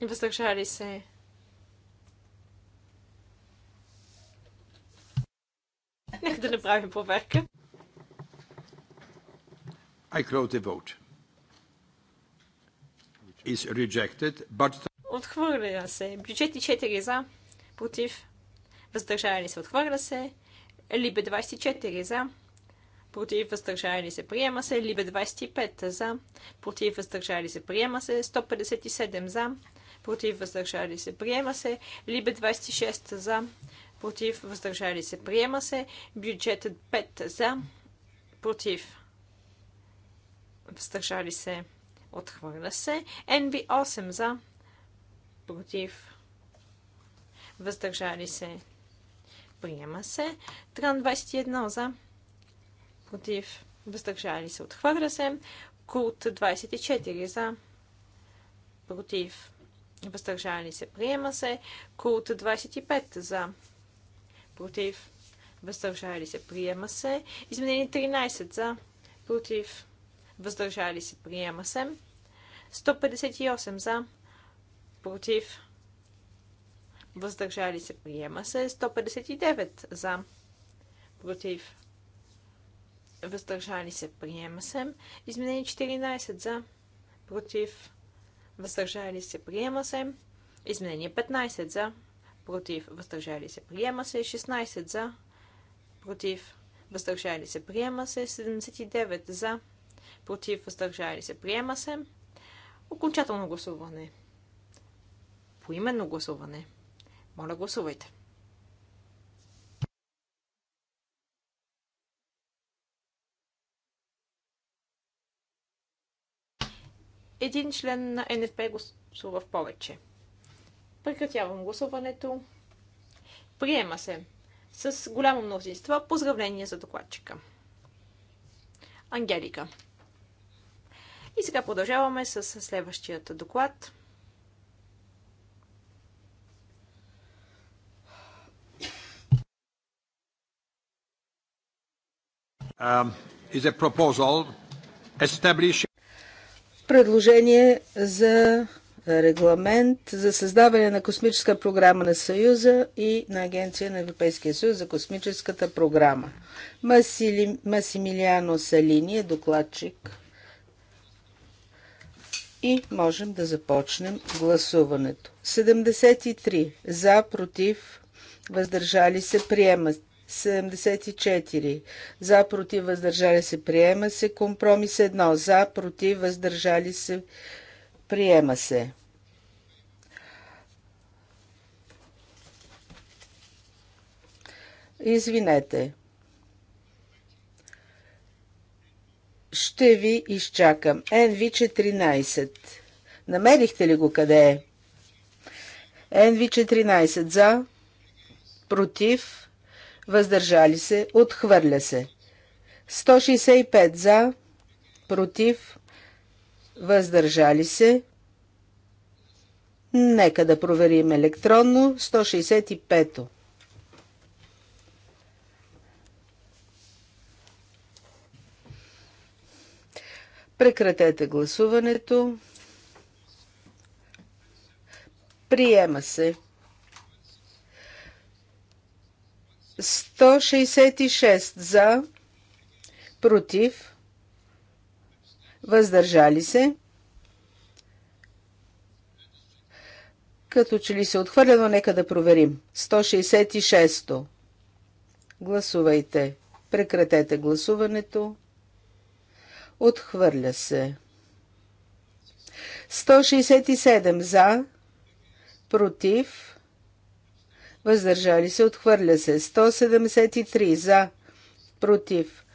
[SPEAKER 3] въздържали се. Нека да направим проверка.
[SPEAKER 1] I close the vote. Is rejected, but...
[SPEAKER 3] Отхвърля се. Бюджети 4 за, против, въздържали се. Отхвърля се. Либе 24 за, против въздържали се, приема се. Либе 25 за, против въздържали се, приема се. 157 за, против въздържали се, приема се. Либе 26 за, против въздържали се, приема се. Бюджет 5 за, против въздържали се, отхвърля се. NV 8 за, против въздържали се, приема се. Тран 21 за, против, въздържали се, отхвърля се. Култ 24 за, против, въздържали се, приема се. Култ 25 за, против, въздържали се, приема се. Изменени 13 за, против, въздържали се, приема се. 158 за, против, въздържали се, приема се. 159 за, против, въздържали се, приема се. Изменение 14 за, против, въздържали се, приема се. Изменение 15 за, против, въздържали се, приема се. 16 за, против, въздържали се, приема се. 79 за, против, въздържали се, приема се. Окончателно гласуване. Поименно гласуване. Моля, гласувайте. един член на НФП гласува в повече. Прекратявам гласуването. Приема се с голямо мнозинство. Поздравление за докладчика. Ангелика. И сега продължаваме с следващият доклад.
[SPEAKER 1] Um, is a proposal establish
[SPEAKER 4] предложение за регламент за създаване на космическа програма на Съюза и на Агенция на Европейския съюз за космическата програма. Масили... Масимилиано Салини е докладчик. И можем да започнем гласуването. 73 за, против, въздържали се, приемат 74. За, против, въздържали се, приема се. Компромис 1. За, против, въздържали се, приема се. Извинете. Ще ви изчакам. NV14. Намерихте ли го къде е? NV14 за, против, въздържали се, отхвърля се. 165 за, против, въздържали се. Нека да проверим електронно 165-то. Прекратете гласуването. Приема се. 166 за, против, въздържали се. Като че ли се отхвърля, но нека да проверим. 166-то. Гласувайте. Прекратете гласуването. Отхвърля се. 167 за, против, въздържали се, отхвърля се. 173 за, против.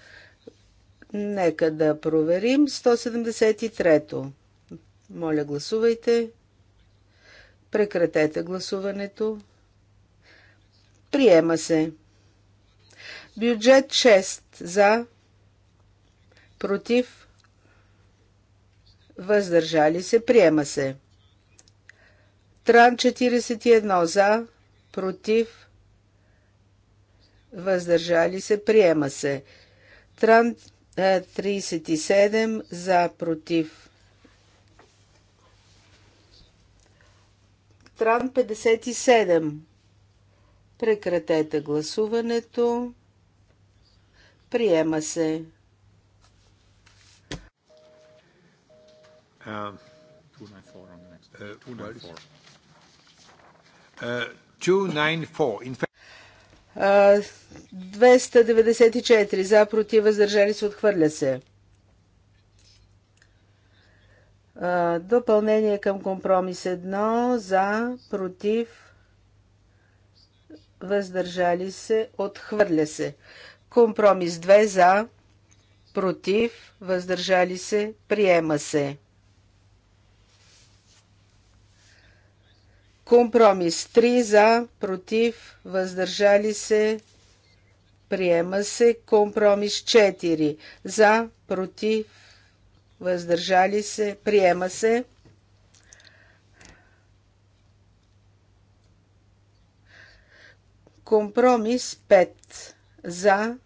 [SPEAKER 4] Нека да проверим. 173-то. Моля, гласувайте. Прекратете гласуването. Приема се. Бюджет 6 за, против, въздържали се, приема се. Тран 41 за, против, въздържали се, приема се. Тран 37 е, за против. Тран 57. Прекратете гласуването. Приема се.
[SPEAKER 1] Uh, 294 on the next. Uh, 294. Uh, 294.
[SPEAKER 4] за, против, въздържали се, отхвърля се. Допълнение към компромис 1 за, против, въздържали се, отхвърля се. Компромис 2 за, против, въздържали се, приема се. Компромис 3 за, против, въздържали се, приема се. Компромис 4 за, против, въздържали се, приема се. Компромис 5 за,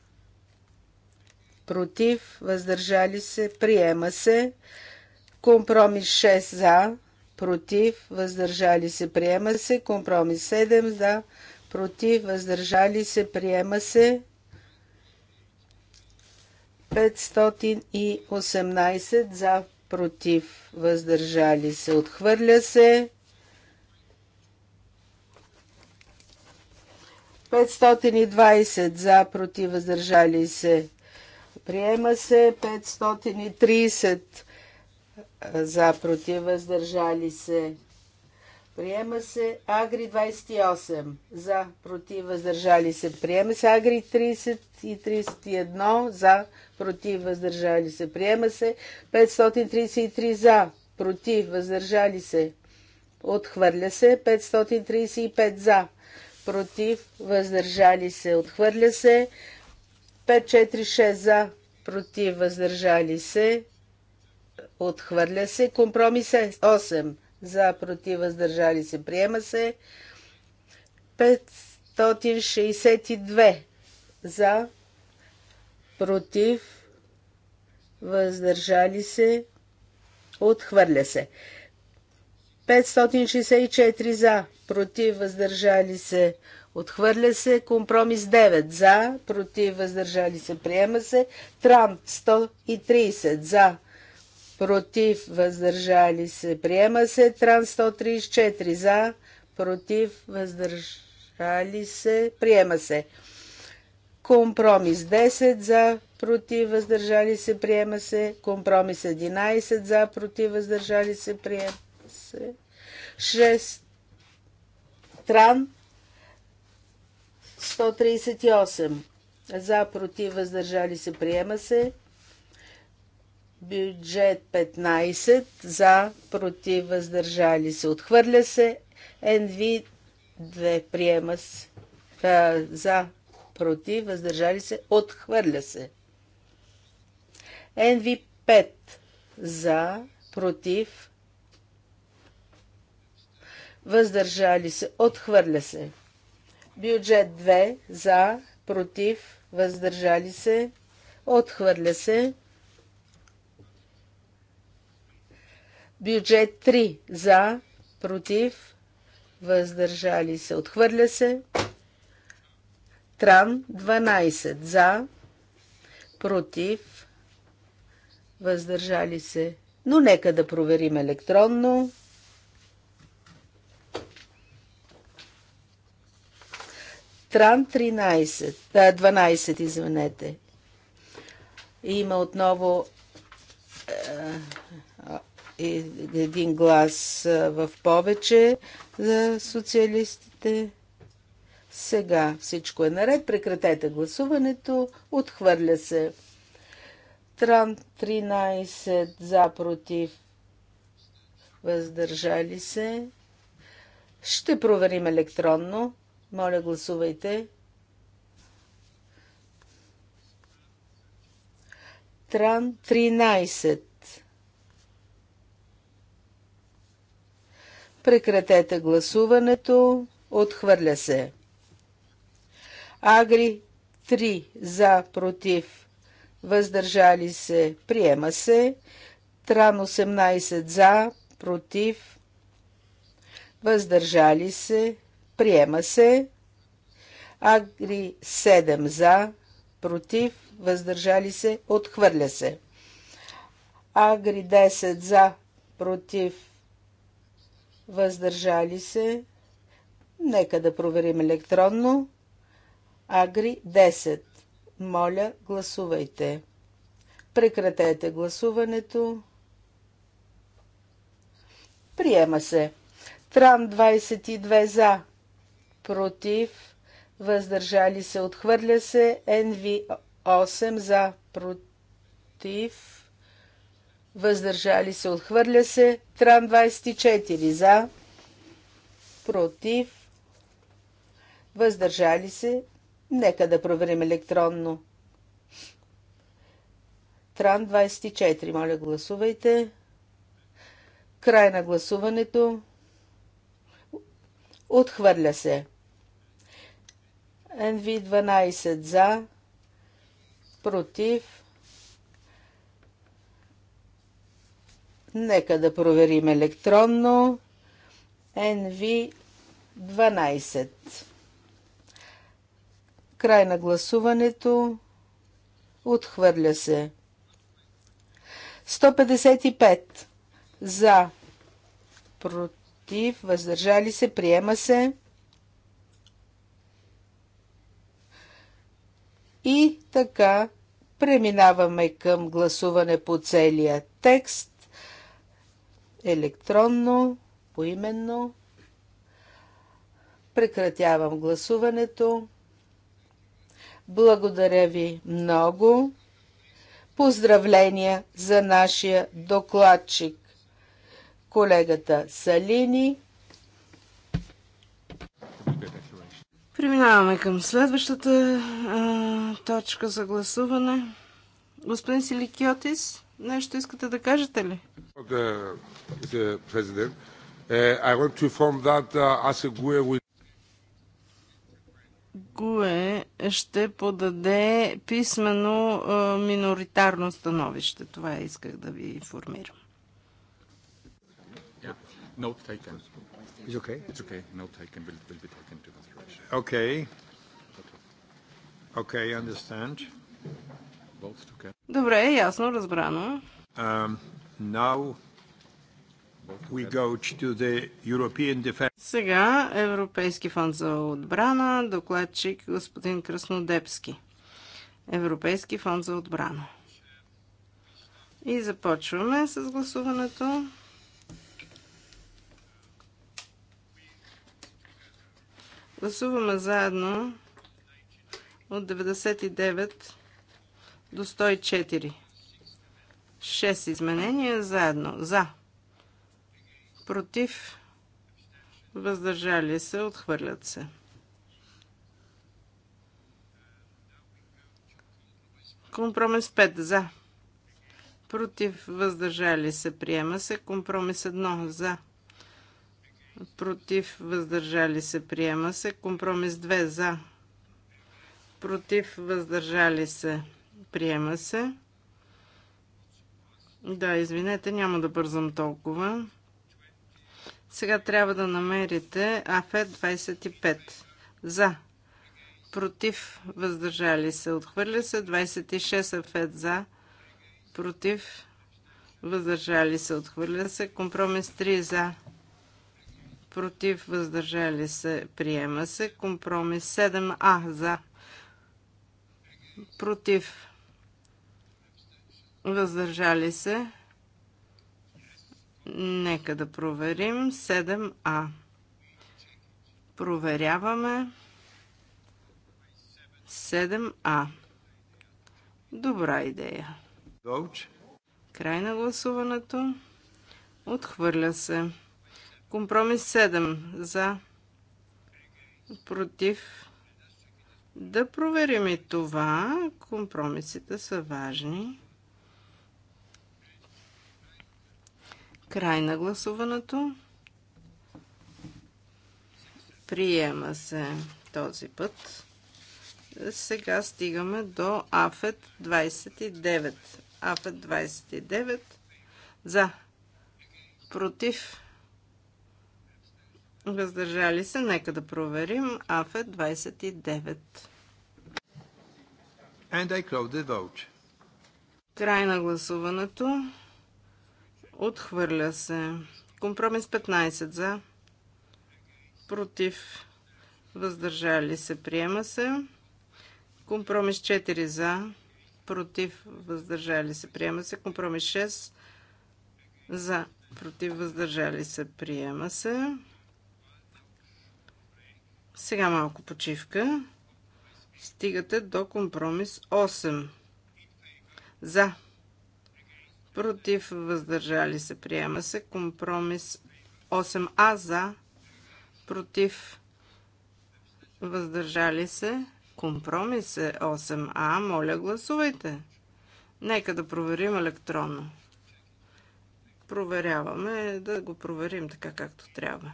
[SPEAKER 4] против, въздържали се, приема се. Компромис 6 за, против, въздържали се, приема се. Компромис 7 за, против, въздържали се, приема се. 518 за, против, въздържали се, отхвърля се. 520 за, против, въздържали се, приема се. 530 за против въздържали се. Приема се Агри 28 за против въздържали се. Приема се Агри 30 и 31 за против въздържали се. Приема се 533 за против въздържали се. Отхвърля се 535 за против въздържали се. Отхвърля се 546 за против въздържали се. Отхвърля се. Компромис 8. Е. За, против, въздържали се. Приема се. 562. За, против, въздържали се. Отхвърля се. 564 за, против, въздържали се. Отхвърля се компромис 9 за, против, въздържали се, приема се. Трамп 130 за, против, въздържали се, приема се. Тран 134 за, против, въздържали се, приема се. Компромис 10 за, против, въздържали се, приема се. Компромис 11 за, против, въздържали се, приема се. 6 Тран 138 за, против, въздържали се, приема се. Бюджет 15 за, против, въздържали се, отхвърля се. НВ 2 приема с, а, за, против, въздържали се, отхвърля се. НВ 5 за, против, въздържали се, отхвърля се. Бюджет 2 за, против, въздържали се, отхвърля се. Бюджет 3 за, против, въздържали се, отхвърля се. Тран 12 за, против, въздържали се. Но нека да проверим електронно. Тран 13, 12, извинете. Има отново е, един глас в повече за социалистите. Сега всичко е наред. Прекратете гласуването. Отхвърля се. Тран 13 за против. Въздържали се. Ще проверим електронно. Моля, гласувайте. Тран 13. Прекратете гласуването. Отхвърля се. Агри 3 за, против, въздържали се, приема се. Тран 18 за, против, въздържали се, приема се. Агри 7 за, против, въздържали се, отхвърля се. Агри 10 за, против, въздържали се. Нека да проверим електронно. Агри 10. Моля, гласувайте. Прекратете гласуването. Приема се. Тран 22 за. Против. Въздържали се. Отхвърля се. НВ 8 за. Против въздържали се, отхвърля се. Тран 24 за, против, въздържали се. Нека да проверим електронно. Тран 24, моля гласувайте. Край на гласуването. Отхвърля се. NV 12 за, против, Нека да проверим електронно. NV12. Край на гласуването. Отхвърля се. 155. За. Против. Въздържали се. Приема се. И така преминаваме към гласуване по целия текст електронно, поименно. Прекратявам гласуването. Благодаря ви много. Поздравления за нашия докладчик, колегата Салини. Преминаваме към
[SPEAKER 2] следващата а, точка за гласуване. Господин Силикиотис. Нещо искате да кажете ли?
[SPEAKER 1] Uh, uh,
[SPEAKER 2] Гуе ще подаде писмено е, миноритарно становище. Това исках да ви информирам.
[SPEAKER 1] Okay, understand. Добре, ясно,
[SPEAKER 2] разбрано. Um, Сега Европейски фонд за отбрана, докладчик господин Краснодепски. Европейски фонд за отбрана. И започваме с гласуването. Гласуваме заедно от 99 до 104. 6 изменения заедно. За. Против. Въздържали се. Отхвърлят се. Компромис 5. За. Против. Въздържали се. Приема се. Компромис 1. За. Против. Въздържали се. Приема се. Компромис 2. За. Против. Въздържали се. Приема се. Да, извинете, няма да бързам толкова. Сега трябва да намерите АФЕД 25. За. Против. Въздържали се. Отхвърля се. 26 АФЕД за. Против. Въздържали се. Отхвърля се. Компромис 3 за. Против. Въздържали се. Приема се. Компромис 7А за против, въздържали се. Нека да проверим 7А. Проверяваме 7А. Добра идея. Край на гласуването. Отхвърля се. Компромис 7 за против да проверим и това. Компромисите са важни. Край на гласуването. Приема се този път. Сега стигаме до АФЕТ 29. АФЕТ 29 за против Въздържали се, нека да проверим. АФЕ 29.
[SPEAKER 1] And I close the vote.
[SPEAKER 2] Край на гласуването. Отхвърля се. Компромис 15 за. Против. Въздържали се. Приема се. Компромис 4 за. Против. Въздържали се. Приема се. Компромис 6 за. Против. Въздържали се. Приема се. Сега малко почивка. Стигате до компромис 8. За. Против. Въздържали се. Приема се. Компромис 8А. За. Против. Въздържали се. Компромис е 8А. Моля, гласувайте. Нека да проверим електронно. Проверяваме, да го проверим така както трябва.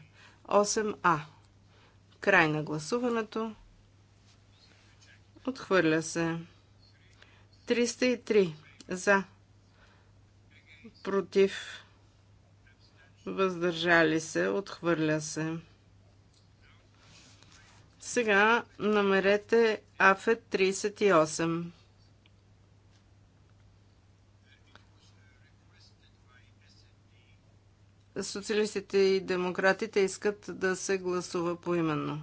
[SPEAKER 2] 8А. Край на гласуването. Отхвърля се. 303 за. Против. Въздържали се. Отхвърля се. Сега намерете АФЕ 38. Социалистите и демократите искат да се гласува поименно.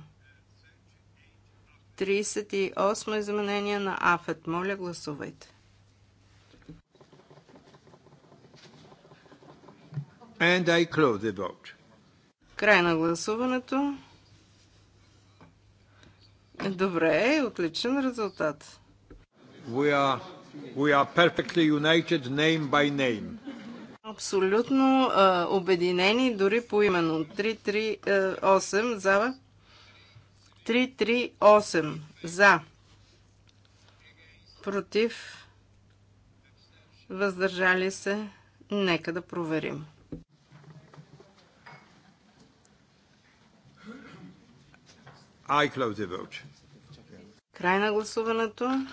[SPEAKER 2] 38 изменение на АФЕТ. Моля, гласувайте.
[SPEAKER 1] And I close the vote.
[SPEAKER 2] Край на гласуването. Добре,
[SPEAKER 1] отличен резултат. We are, we are perfectly united name by name.
[SPEAKER 2] Абсолютно а, обединени, дори по именно. 338 за. 338 за. Против. Въздържали се. Нека да проверим.
[SPEAKER 1] I close the vote.
[SPEAKER 2] Край на гласуването.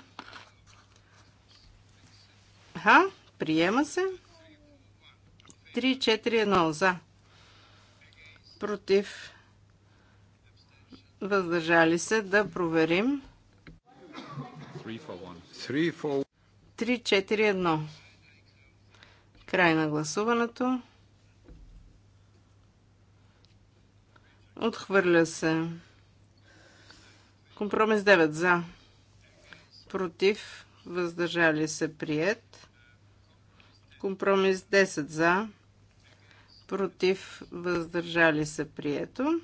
[SPEAKER 2] Ха, приема се. 3-4-1 за. Против. Въздържали се да проверим. 3-4-1. Край на гласуването. Отхвърля се. Компромис 9 за. Против. Въздържали се прият. Компромис 10 за против, въздържали се, прието.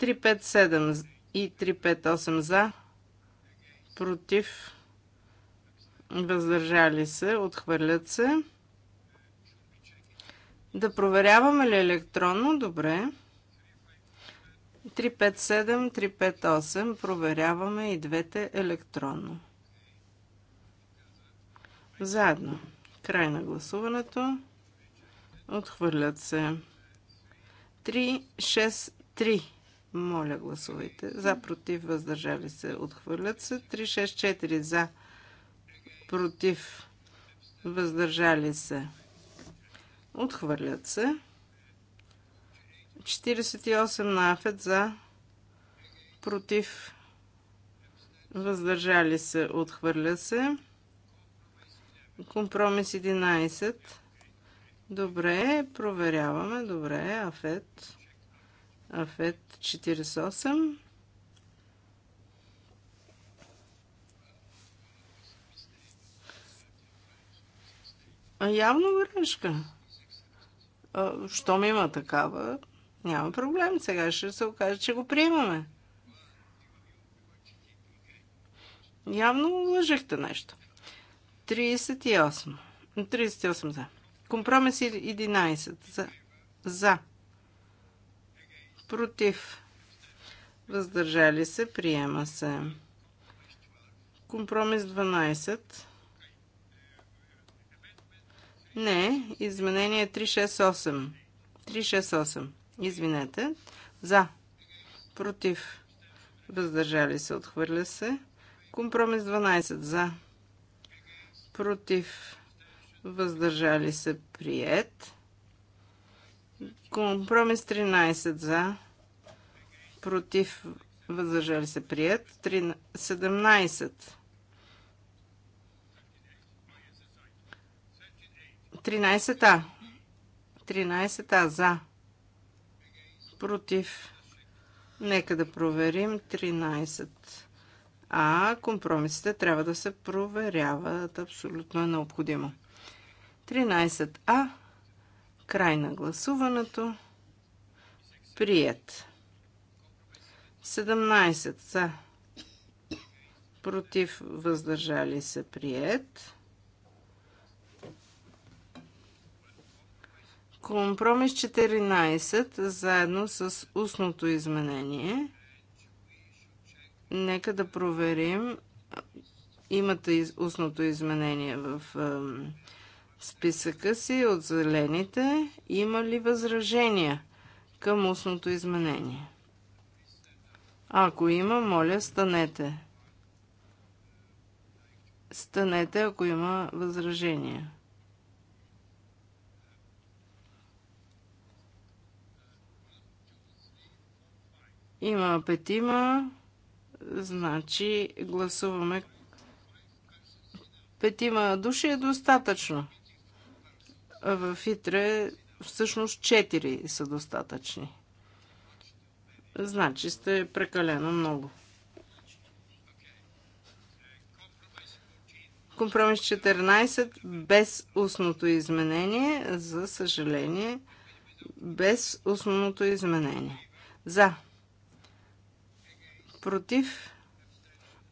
[SPEAKER 2] 357 и 358 за, против, въздържали се, отхвърлят се. Да проверяваме ли електронно? Добре. 357, 358 проверяваме и двете електронно. Заедно. Край на гласуването. Отхвърлят се. 3, 6, 3, Моля, гласувайте. За, против, въздържали се. Отхвърлят се. 36-4 За, против, въздържали се. Отхвърлят се. 48 на Афет за, против, въздържали се, отхвърля се. Компромис 11 Добре, проверяваме. Добре, Афет. Афет 48. А явно грешка. щом има такава, няма проблем. Сега ще се окаже, че го приемаме. Явно лъжехте нещо. 38. 38 за. Компромис 11. За. За. Против. Въздържали се. Приема се. Компромис 12. Не. Изменение 368. 368. Извинете. За. Против. Въздържали се. Отхвърля се. Компромис 12. За. Против въздържали се, прият. Компромис 13 за, против, въздържали се, прият. 17 13А. 13А за. Против. Нека да проверим 13. А компромисите трябва да се проверяват. Абсолютно е необходимо. 13А. Край на гласуването. Прият. 17 са. Против въздържали се. Прият. Компромис 14 заедно с устното изменение. Нека да проверим. Имате устното изменение в списъка си от зелените. Има ли възражения към устното изменение? Ако има, моля, станете. Станете, ако има възражения. Има петима, значи гласуваме. Петима души е достатъчно в ИТРЕ всъщност 4 са достатъчни. Значи сте прекалено много. Компромис 14 без устното изменение, за съжаление, без устното изменение. За. Против.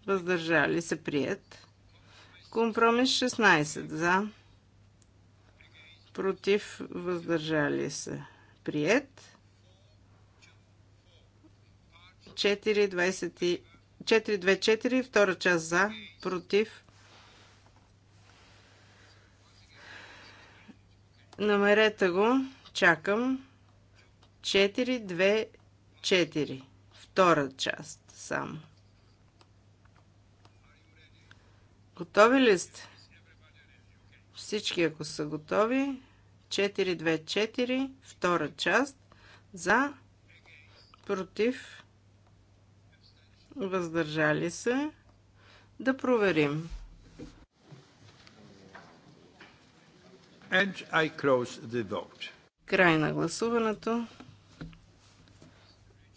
[SPEAKER 2] Въздържали се прият. Компромис 16 за против, въздържали се. Прият. 424, втора част за, против. Намерете го, чакам. 424, втора част само. Готови ли сте? Всички, ако са готови, 4-2, 4, втора част, за, против, въздържали се, да проверим.
[SPEAKER 1] And I close the vote.
[SPEAKER 2] Край на гласуването.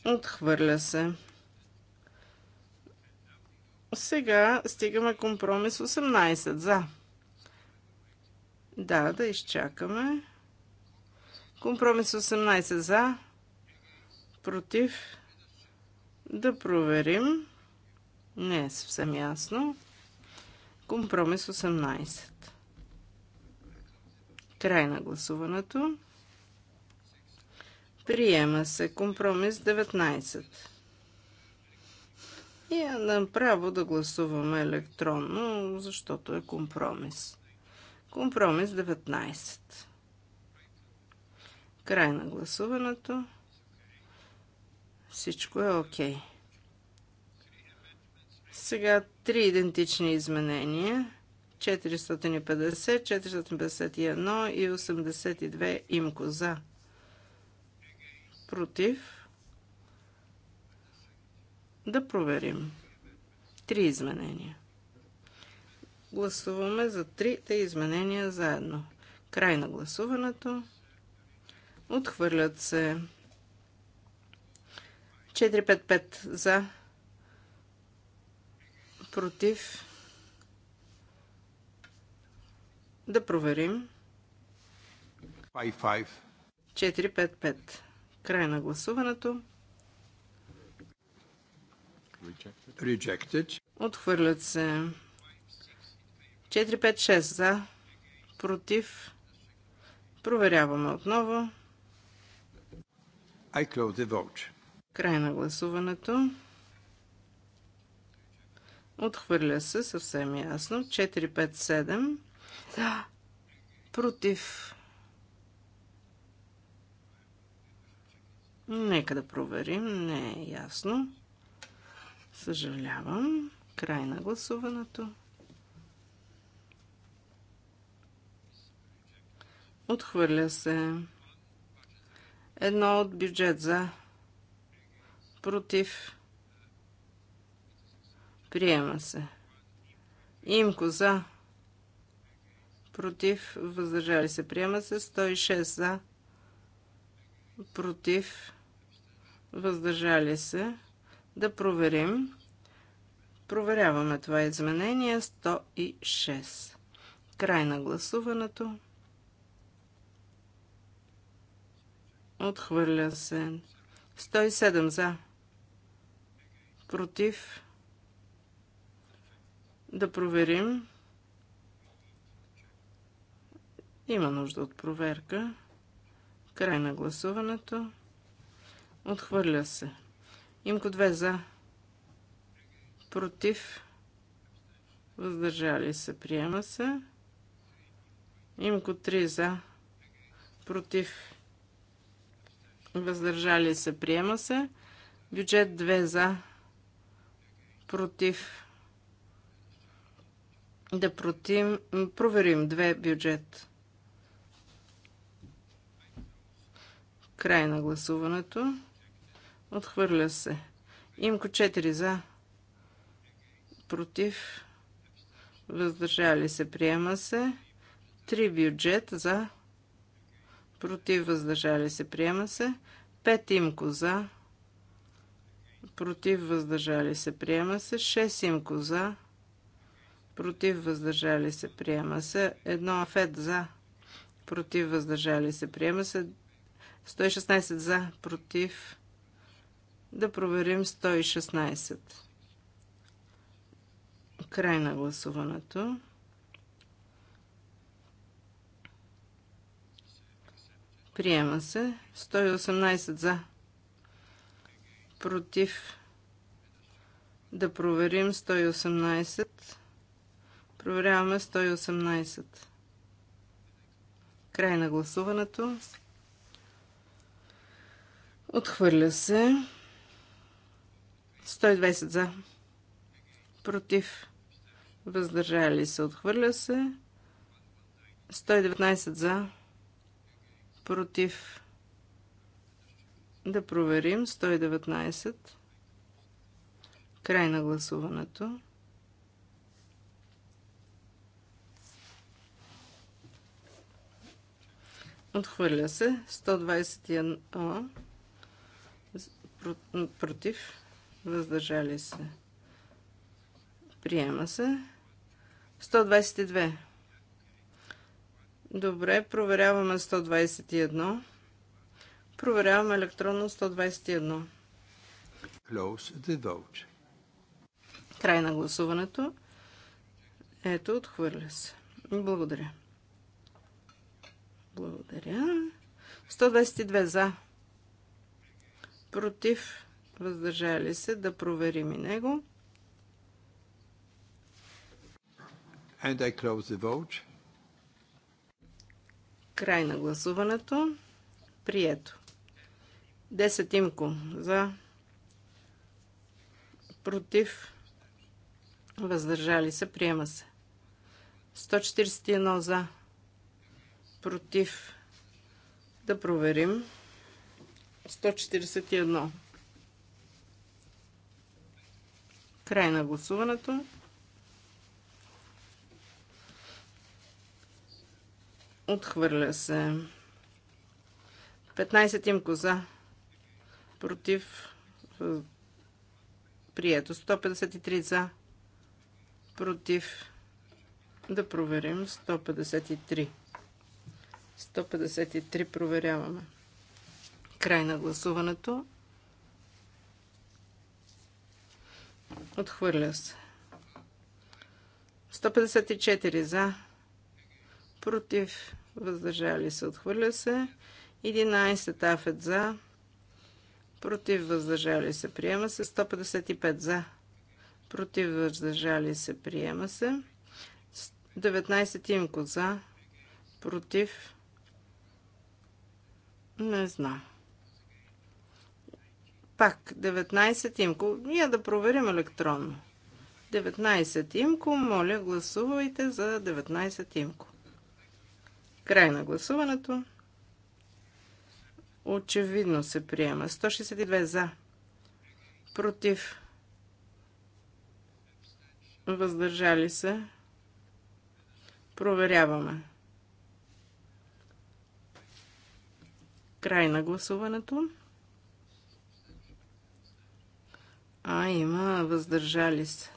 [SPEAKER 2] Отхвърля се. Сега стигаме компромис 18 за. Да, да изчакаме. Компромис 18 за, против. Да проверим. Не е съвсем ясно. Компромис 18. Край на гласуването. Приема се компромис 19. И е направо да гласуваме електронно, защото е компромис. Компромис 19. Край на гласуването. Всичко е окей. Okay. Сега три идентични изменения. 450, 451 и 82 имко за. Против. Да проверим. Три изменения. Гласуваме за трите изменения заедно. Край на гласуването. Отхвърлят се 4-5-5 за, против. Да проверим. 4-5-5. Край на гласуването.
[SPEAKER 1] Rejected.
[SPEAKER 2] Отхвърлят се 4-5-6 за, против. Проверяваме отново.
[SPEAKER 1] I close the vote.
[SPEAKER 2] Край на гласуването. Отхвърля се съвсем ясно. 4-5-7 за, против. Нека да проверим. Не е ясно. Съжалявам. Край на гласуването. Отхвърля се. Едно от бюджет за. Против. Приема се. Имко за. Против. Въздържали се. Приема се. 106 за. Против. Въздържали се. Да проверим. Проверяваме това изменение. 106. Край на гласуването. Отхвърля се. 107 за. Против. Да проверим. Има нужда от проверка. Край на гласуването. Отхвърля се. Имко 2 за. Против. Въздържали се. Приема се. Имко 3 за. Против въздържали се, приема се. Бюджет 2 за, против, да протим, проверим 2 бюджет. Край на гласуването. Отхвърля се. Имко 4 за, против, въздържали се, приема се. 3 бюджет за, против против, въздържали се, приема се. 5 имко за, против, въздържали се, приема се. 6 имко за, против, въздържали се, приема се. едно афет за, против, въздържали се, приема се. 116 за, против. Да проверим 116. Край на гласуването. Приема се. 118 за. Против. Да проверим 118. Проверяваме 118. Край на гласуването. Отхвърля се. 120 за. Против. Въздържали се. Отхвърля се. 119 за против. Да проверим. 119. Край на гласуването. Отхвърля се. 121 против. Въздържали се. Приема се. 122 Добре, проверяваме 121. Проверяваме електронно 121.
[SPEAKER 1] Close the vote.
[SPEAKER 2] Край на гласуването. Ето, отхвърля се. Благодаря. Благодаря. 122 за. Против. Въздържали се. Да проверим и него.
[SPEAKER 1] And I close the vote.
[SPEAKER 2] Край на гласуването. Прието. 10 за против въздържали се. Приема се. 141 за против да проверим. 141. Край на гласуването. Отхвърля се. 15 им коза. Против. Прието. 153 за. Против. Да проверим. 153. 153 проверяваме. Край на гласуването. Отхвърля се. 154 за против, въздържали се, отхвърля се. 11 афет за, против, въздържали се, приема се. 155 за, против, въздържали се, приема се. 19 имко за, против, не знам. Пак 19 имко. Ние да проверим електронно. 19 имко. Моля, гласувайте за 19 имко. Край на гласуването. Очевидно се приема. 162 за. Против. Въздържали се. Проверяваме. Край на гласуването. А, има въздържали се.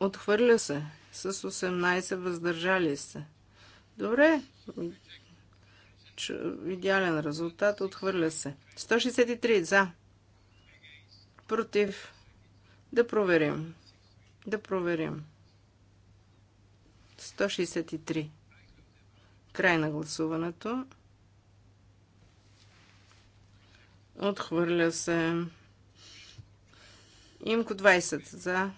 [SPEAKER 2] Отхвърля се с 18 въздържали се. Добре. Идеален резултат. Отхвърля се. 163 за. Против. Да проверим. Да проверим. 163. Край на гласуването. Отхвърля се. Имко 20 за.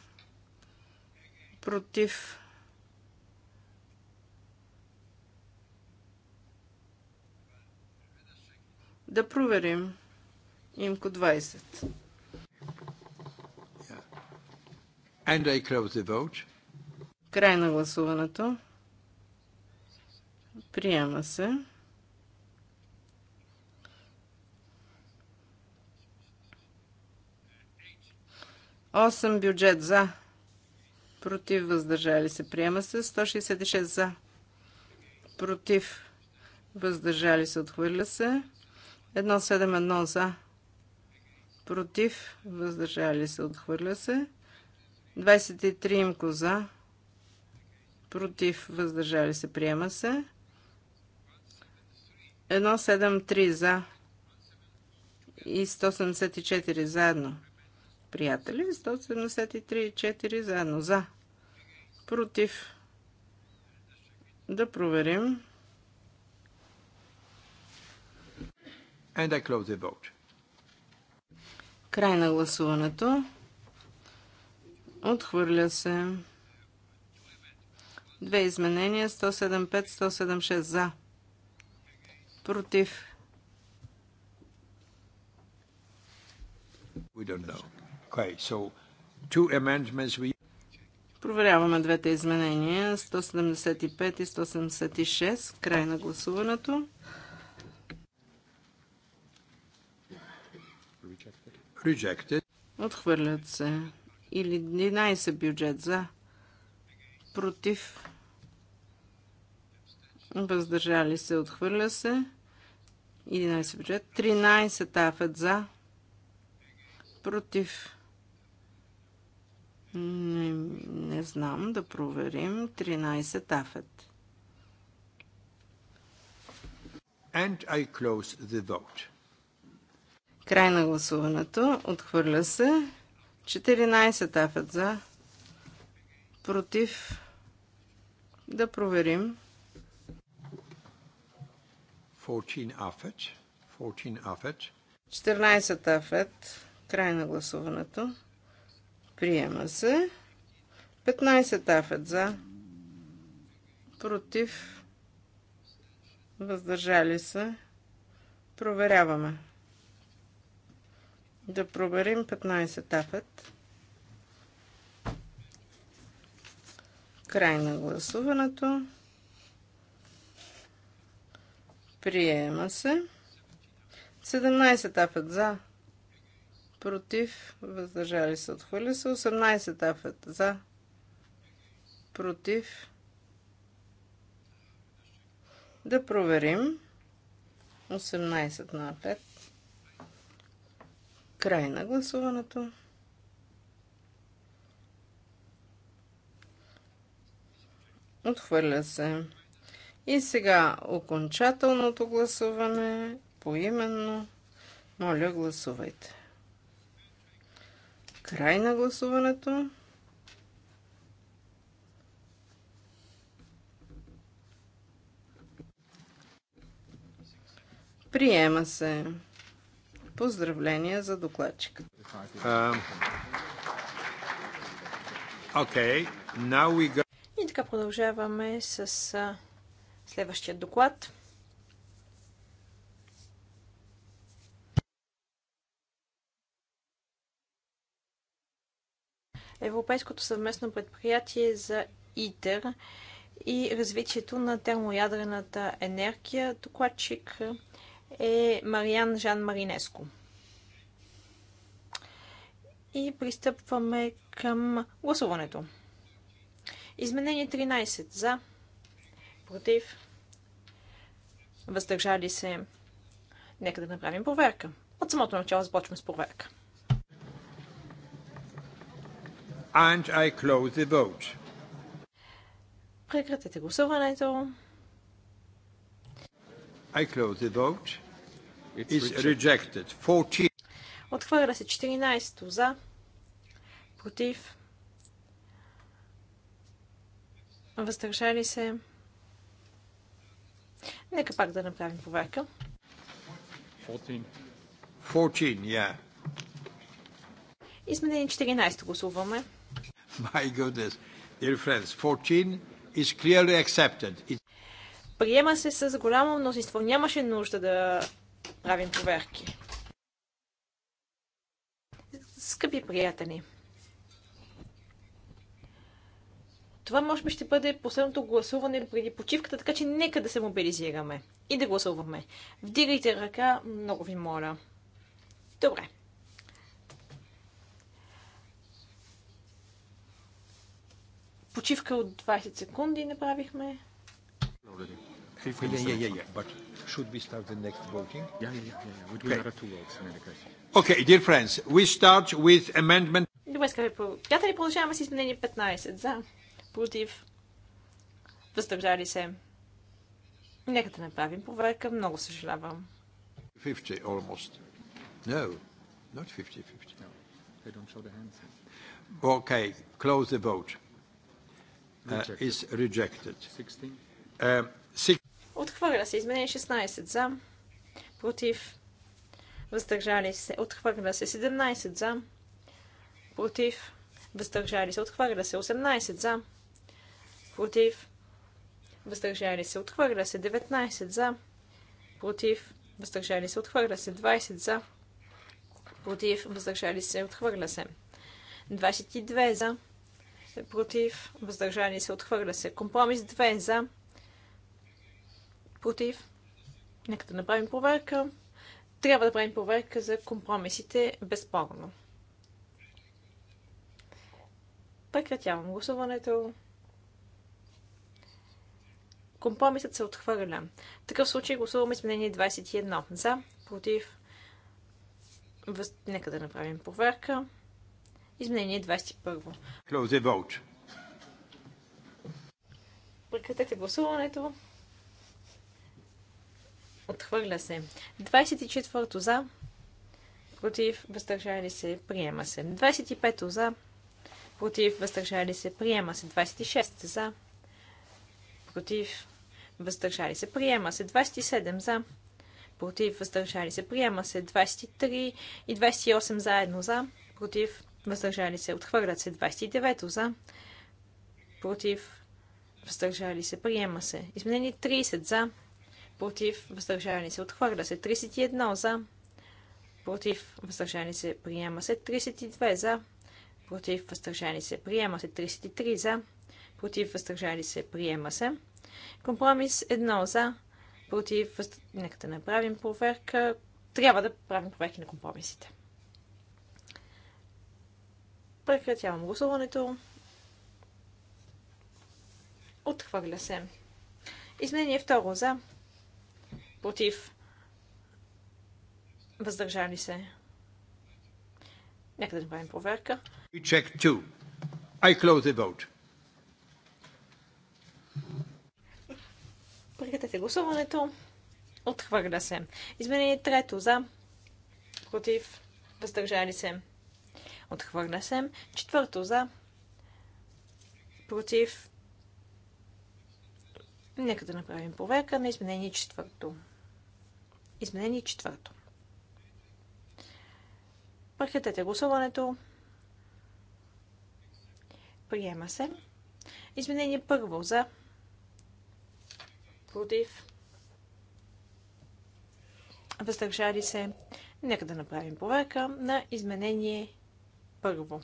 [SPEAKER 2] Против. Да проверим. Имко 20.
[SPEAKER 1] And I close the vote.
[SPEAKER 2] Край на гласуването. Приема се. Осем бюджет за. Против въздържали се. Приема се. 166 за. Против въздържали се. Отхвърля се. 171 за. Против. Въздържали се. Отхвърля се. 23 имко за. Против. Въздържали се. Приема се. 173 за. И 174 заедно. Приятели, 173 и 4 заедно за. Против. Да проверим.
[SPEAKER 1] And I close the vote.
[SPEAKER 2] Край на гласуването. Отхвърля се. Две изменения 175-176 за. Против.
[SPEAKER 1] We don't know. Okay, so two amendments we...
[SPEAKER 2] Проверяваме двете изменения 175 и 176. Край на гласуването. Отхвърлят се. Или 11 бюджет за. Против. Въздържали се. Отхвърля се. 11 бюджет. 13 афет за. Против. Не, не знам. Да проверим. 13 афет.
[SPEAKER 1] And I close the vote.
[SPEAKER 2] Край на гласуването. Отхвърля се. 14 афет за. Против. Да проверим.
[SPEAKER 1] 14 афет. 14 афет.
[SPEAKER 2] 14 афет. Край на гласуването. Приема се. 15 афет за. Против. Въздържали се. Проверяваме. Да проверим 15 афет. Край на гласуването. Приема се. 17 афет за. Против. Въздържали се. Отхвърля се. 18 афет за. Против. Да проверим. 18 на 5. Край на гласуването. Отхвърля се. И сега окончателното гласуване поименно. Моля, гласувайте. Край на гласуването. Приема се.
[SPEAKER 3] Поздравления за докладчика.
[SPEAKER 1] Um, okay. go...
[SPEAKER 3] И така продължаваме с следващия доклад. Европейското съвместно предприятие за ИТЕР и развитието на термоядрената енергия. Докладчик е Мариан Жан Маринеско. И пристъпваме към гласуването. Изменение 13 за, против, въздържали се. Нека да направим проверка. От самото начало започваме с проверка.
[SPEAKER 1] And I close the vote.
[SPEAKER 3] Прекратете гласуването.
[SPEAKER 1] I close the vote. It's rejected. 14.
[SPEAKER 3] Отхвърля се 14 за, против, въздържали се. Нека пак да направим проверка.
[SPEAKER 1] 14. 14, yeah.
[SPEAKER 3] 14 гласуваме.
[SPEAKER 1] My goodness, dear friends, 14 is clearly accepted.
[SPEAKER 3] Приема се с голямо мнозинство. Нямаше нужда да правим проверки. Скъпи приятели, това може би ще бъде последното гласуване преди почивката, така че нека да се мобилизираме и да гласуваме. Вдигайте ръка, много ви моля. Добре. Почивка от 20 секунди направихме.
[SPEAKER 1] Добре. Yeah, yeah, yeah, yeah. But should we start the next voting? Yeah, yeah, yeah. But we okay. are two votes in any case. Okay, dear friends, we start with amendment.
[SPEAKER 3] Добре, скъпи приятели, продължаваме с изменение 15. За, против, въздържали се. Нека да направим проверка. Много съжалявам.
[SPEAKER 1] 50 almost. No, not 50-50. No, they don't show the hands. Okay, close the vote. Uh, is rejected. 16? Uh, six Отхвърля
[SPEAKER 3] се. Изменение 16 за. Против. Въздържали се. Отхвърля се. 17 за. Против. Въздържали се. Отхвърля се. 18 за. Против. Въздържали се. Отхвърля се. 19 за. Против. Въздържали се. Отхвърля се. 20 за. Против. Въздържали се. Отхвърля се. 22 за. Против. Въздържали се. Отхвърля се. Компромис 2 за Против? Нека да направим проверка. Трябва да правим проверка за компромисите, безспорно. Прекратявам гласуването. Компромисът се отхвърля. В такъв случай гласуваме изменение 21. За, против, въз... нека да направим проверка. Изменение 21. Прекратете гласуването. Отхвърля се. 24-то за. Против. Въздържали се. Приема се. 25-то за. Против. Въздържали се. Приема се. 26 за. Против. Въздържали се. Приема се. 27 за. Против. Въздържали се. Приема се. 23 и 28 заедно за. Против. Въздържали се. Отхвърлят се. 29 за. Против. Въздържали се. Приема се. Изменени 30 за против, въздържани се, отхвърля се. 31 за, против, въздържани се, приема се. 32 за, против, въздържани се, приема се. 33 за, против, въздържани се, приема се. Компромис 1 за, против, нека да направим проверка. Трябва да правим проверки на компромисите. Прекратявам гласуването. Отхвърля се. Изменение второ за против, въздържали се. Нека да направим проверка.
[SPEAKER 1] We check two. I close the vote.
[SPEAKER 3] Прекратете гласуването. Отхвърля се. Изменение трето за, против, въздържали се. Отхвърля се. Четвърто за, против. Нека да направим проверка на изменение четвърто. Изменение четвърто. Прекратете гласуването. Приема се. Изменение първо за против въздържали се. Нека да направим проверка на изменение първо.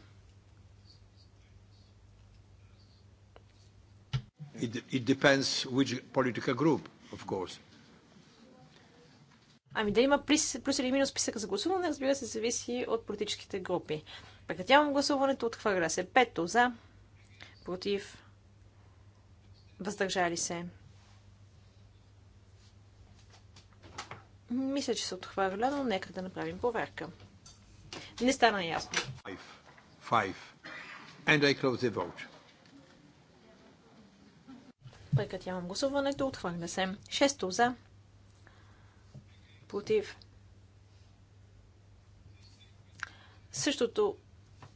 [SPEAKER 1] It, it depends which political group, of course.
[SPEAKER 3] Ами да има плюс, плюс или минус списък за гласуване, разбира се, зависи от политическите групи. Прекратявам гласуването, отхвърля се. Пето за, против, въздържали се. Мисля, че се отхвърля, но нека да направим проверка. Не стана ясно.
[SPEAKER 1] Five. And I close the vote.
[SPEAKER 3] Прекратявам гласуването, отхвърля се. Шесто за, Против. Същото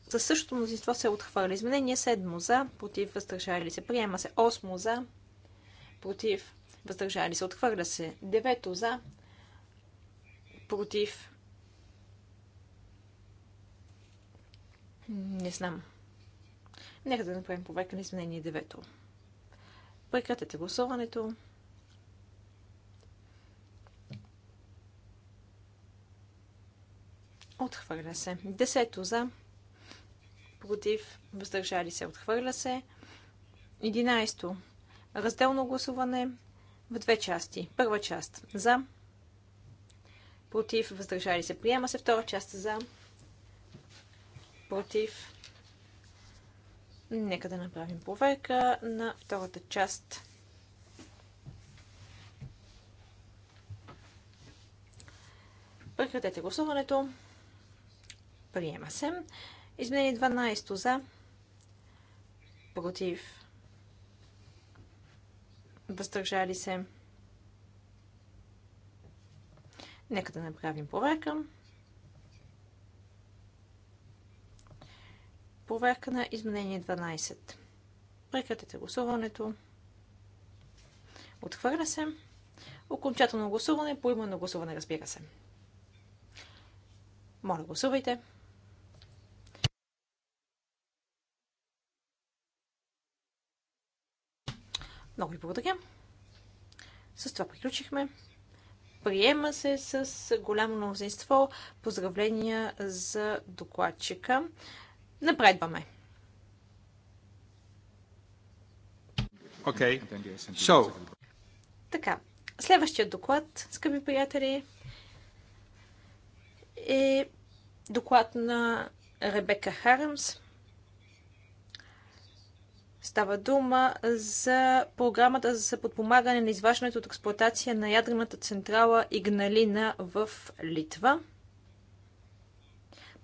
[SPEAKER 3] за същото мнозинство се отхвърля. Изменение 7 за, против, въздържали се. Приема се 8 за, против, въздържали се. Отхвърля се 9 за, против. Не знам. Нека да направим проверка на изменение 9. Прекратете гласуването. Отхвърля се. Десето за. Против. Въздържали се. Отхвърля се. Единайсто. Разделно гласуване в две части. Първа част за. Против. Въздържали се. Приема се. Втора част за. Против. Нека да направим проверка на втората част. Прекратете гласуването. Приема се. Изменение 12 за. Против. Въздържали се. Нека да направим проверка. Проверка на изменение 12. Прекратете гласуването. Отхвърля се. Окончателно гласуване, по гласуване, разбира се. Моля, гласувайте. Много ви благодаря. С това приключихме. Приема се с голямо мнозинство. Поздравления за докладчика. Напредваме.
[SPEAKER 1] Okay. So.
[SPEAKER 3] Така. Следващия доклад, скъпи приятели, е доклад на Ребека Харамс. Става дума за програмата за подпомагане на изваждането от експлуатация на ядрената централа Игналина в Литва.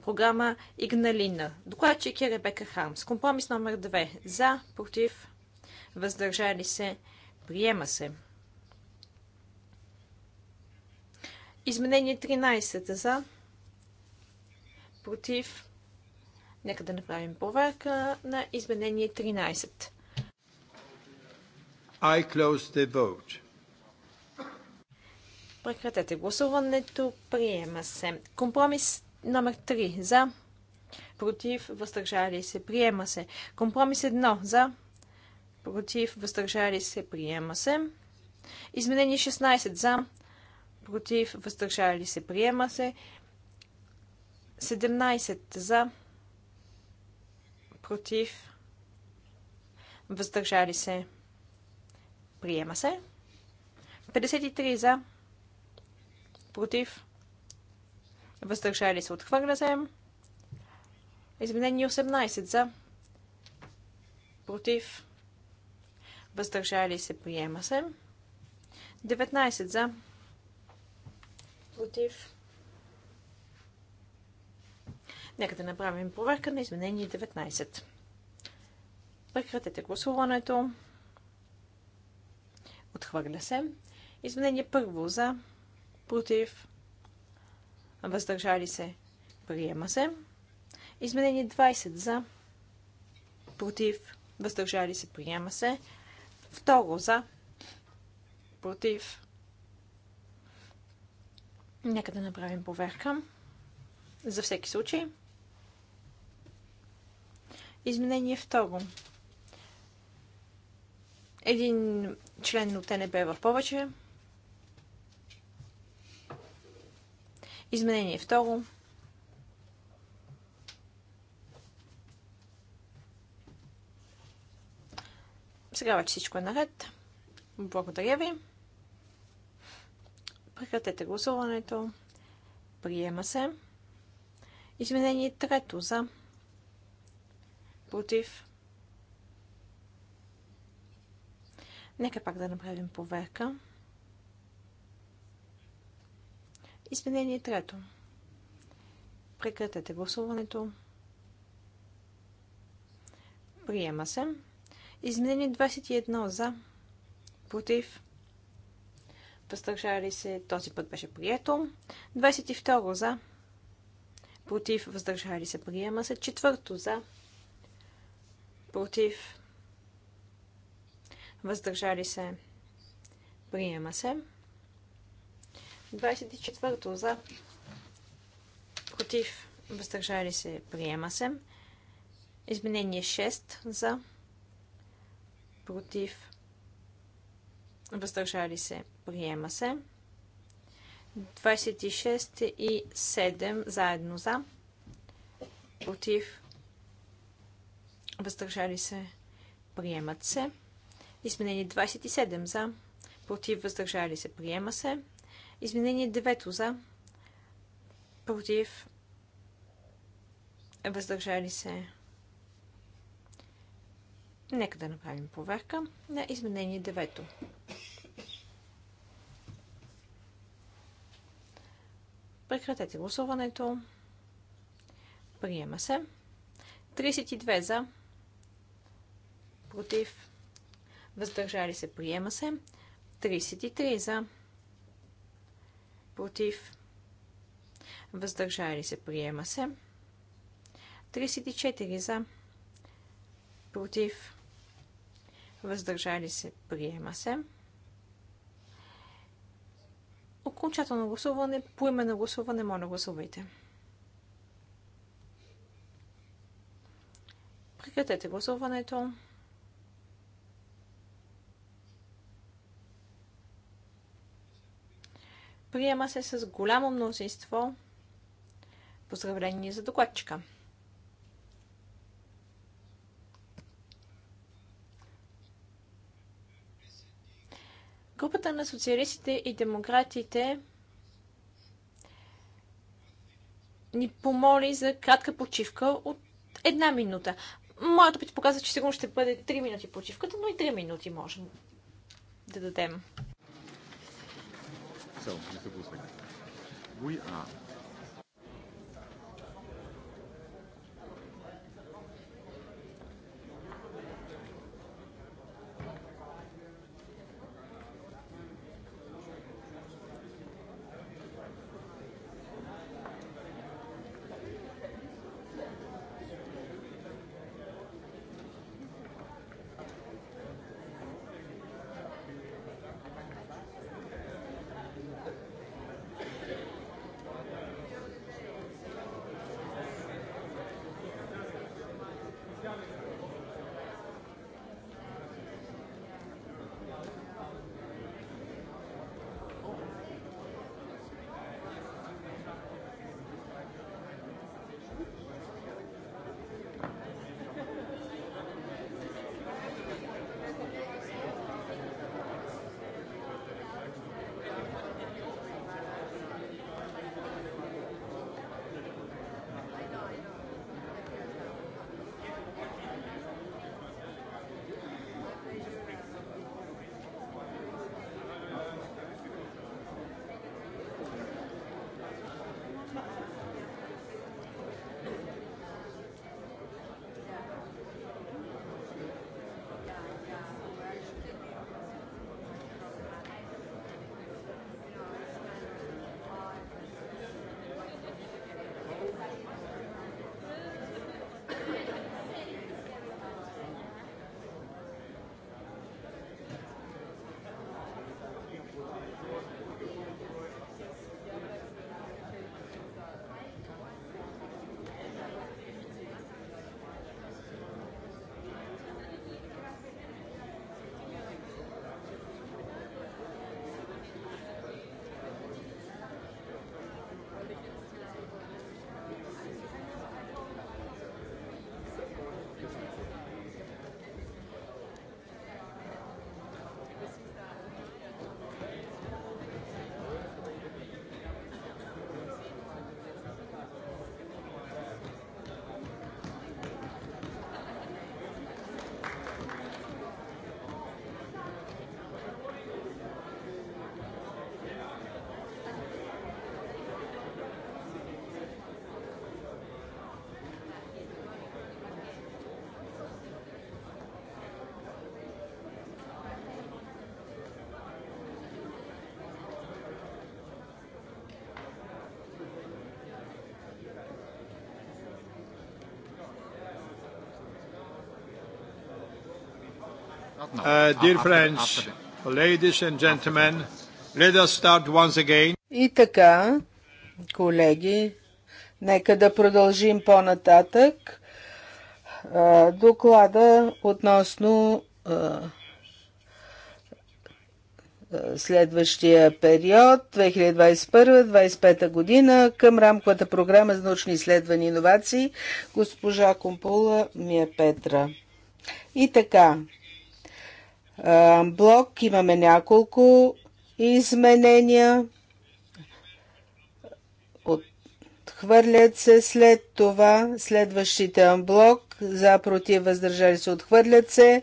[SPEAKER 3] Програма Игналина. Докладчик е Ребека Хармс. Компромис номер 2. За, против, въздържали се, приема се. Изменение 13. За, против, Нека да направим проверка на изменение 13.
[SPEAKER 1] I close the vote.
[SPEAKER 3] Прекратете гласуването. Приема се. Компромис номер 3. За. Против. Въздържали се. Приема се. Компромис 1. За. Против. Въздържали се. Приема се. Изменение 16. За. Против. Въздържали се. Приема се. 17. За против, въздържали се, приема се. 53 за, против, въздържали се, отхвърля се. Изменение 18 за, против, въздържали се, приема се. 19 за, против, Нека да направим проверка на изменение 19. Прекратете гласуването. Отхвърля се. Изменение първо за, против, въздържали се, приема се. Изменение 20 за, против, въздържали се, приема се. Второ за, против. Нека да направим проверка. За всеки случай. Изменение второ. Един член от ТНП в повече. Изменение второ. Сега вече всичко е наред. Благодаря ви. Прекратете гласуването. Приема се. Изменение трето за Против. Нека пак да направим проверка. Изменение трето. Прекратете гласуването. Приема се. Изменение 21 за. Против. Въздържали се. Този път беше прието. 22 за. Против. Въздържали се. Приема се. Четвърто за против, въздържали се, приема се. 24-то за, против, въздържали се, приема се. Изменение 6 за, против, въздържали се, приема се. 26 и 7 заедно за, против, въздържали се, приемат се. Изменение 27 за, против, въздържали се, приема се. Изменение 9 за, против, въздържали се. Нека да направим проверка на изменение 9. Прекратете гласуването. Приема се. 32 за против, въздържали се, приема се. 33 за, против, въздържали се, приема се. 34 за, против, въздържали се, приема се. Окончателно гласуване, по име на гласуване, моля гласувайте. Прекратете гласуването. Приема се с голямо мнозинство. Поздравление за докладчика. Групата на социалистите и демократите ни помоли за кратка почивка от една минута. Моят опит показва, че сигурно ще бъде 3 минути почивката, но и 3 минути можем да дадем.
[SPEAKER 4] So, Mr. Busek. We are
[SPEAKER 1] Uh, dear friends, ladies and gentlemen, let us start once again.
[SPEAKER 4] И така, колеги, нека да продължим по-нататък. Доклада относно следващия период 2021-2025 година към рамковата програма за научни изследвания и иновации госпожа Компула Мия е Петра. И така, блок. Имаме няколко изменения. Отхвърлят се след това следващите блок, За, против, въздържали се, отхвърлят се.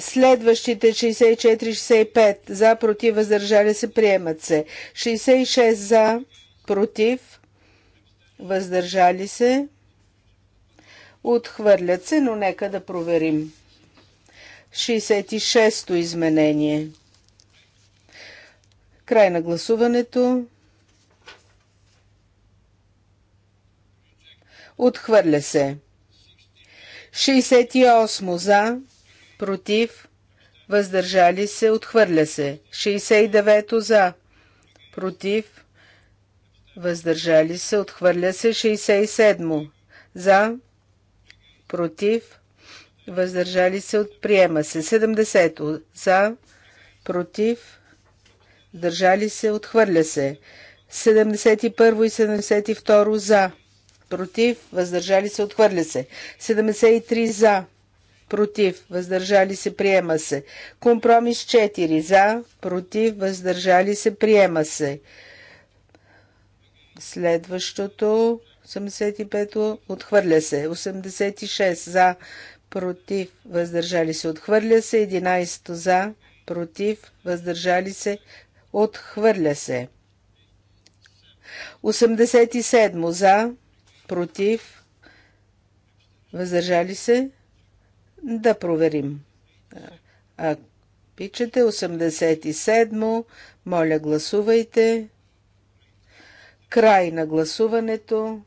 [SPEAKER 4] Следващите 64-65 за, против, въздържали се, приемат се. 66 за, против, въздържали се, отхвърлят се, но нека да проверим. 66-то изменение. Край на гласуването. Отхвърля се. 68 за, против, въздържали се, отхвърля се. 69 за, против, въздържали се, отхвърля се. 67 за, против, въздържали се от приема се. 70 за, против, държали се, отхвърля се. 71 и 72 за, против, въздържали се, отхвърля се. 73 за, против, въздържали се, приема се. Компромис 4 за, против, въздържали се, приема се. Следващото 85 отхвърля се. 86 за, против, въздържали се, отхвърля се. 11 за, против, въздържали се, отхвърля се. 87 за, против, въздържали се, да проверим. А пичате, 87, моля гласувайте. Край на гласуването.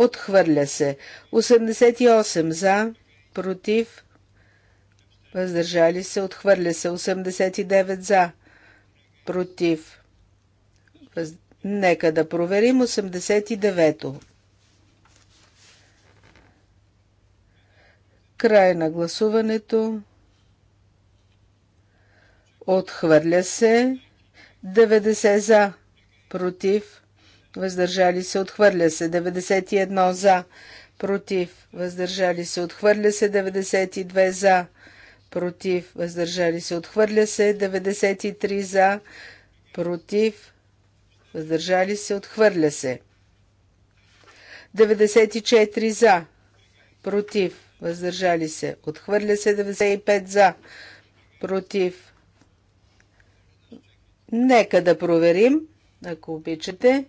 [SPEAKER 4] Отхвърля се. 88 за, против, въздържали се. Отхвърля се. 89 за, против. Въз... Нека да проверим 89-то. Край на гласуването. Отхвърля се. 90 за, против, въздържали се, отхвърля се. 91 за, против, въздържали се, отхвърля се. 92 за, против, въздържали се, отхвърля се. 93 за, против, въздържали се, отхвърля се. 94 за, против, въздържали се, отхвърля се. 95 за, против. Нека да проверим, ако обичате.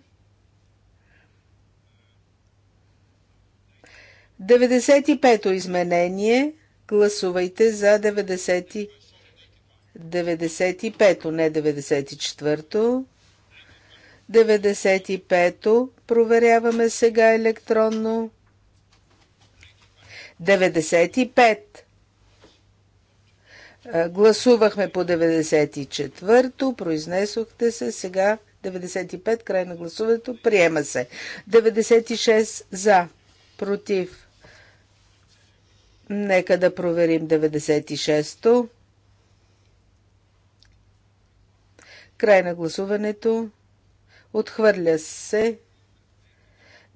[SPEAKER 4] 95-то изменение. Гласувайте за 95-то, не 94-то. 95-то проверяваме сега електронно. 95. Гласувахме по 94-то, произнесохте се, сега 95, край на гласуването, приема се. 96 за, против, Нека да проверим 96-то. Край на гласуването. Отхвърля се.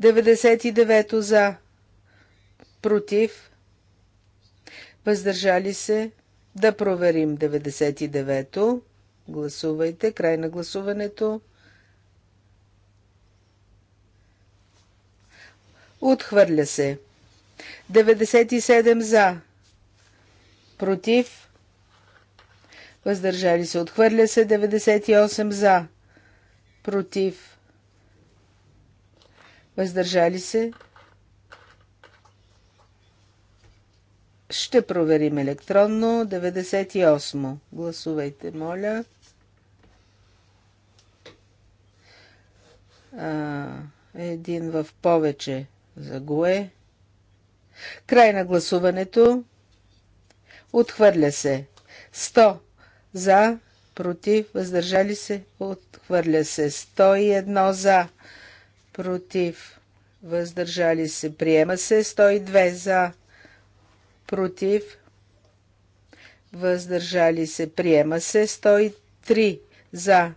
[SPEAKER 4] 99-то за. Против. Въздържали се. Да проверим 99-то. Гласувайте. Край на гласуването. Отхвърля се. 97 за. Против. Въздържали се. Отхвърля се. 98 за. Против. Въздържали се. Ще проверим електронно. 98. Гласувайте, моля. А, един в повече за ГОЕ. Край на гласуването. Отхвърля се. 100 за, против, въздържали се, отхвърля се. 101 за, против, въздържали се, приема се. 102 за, против, въздържали се, приема се. 103 за,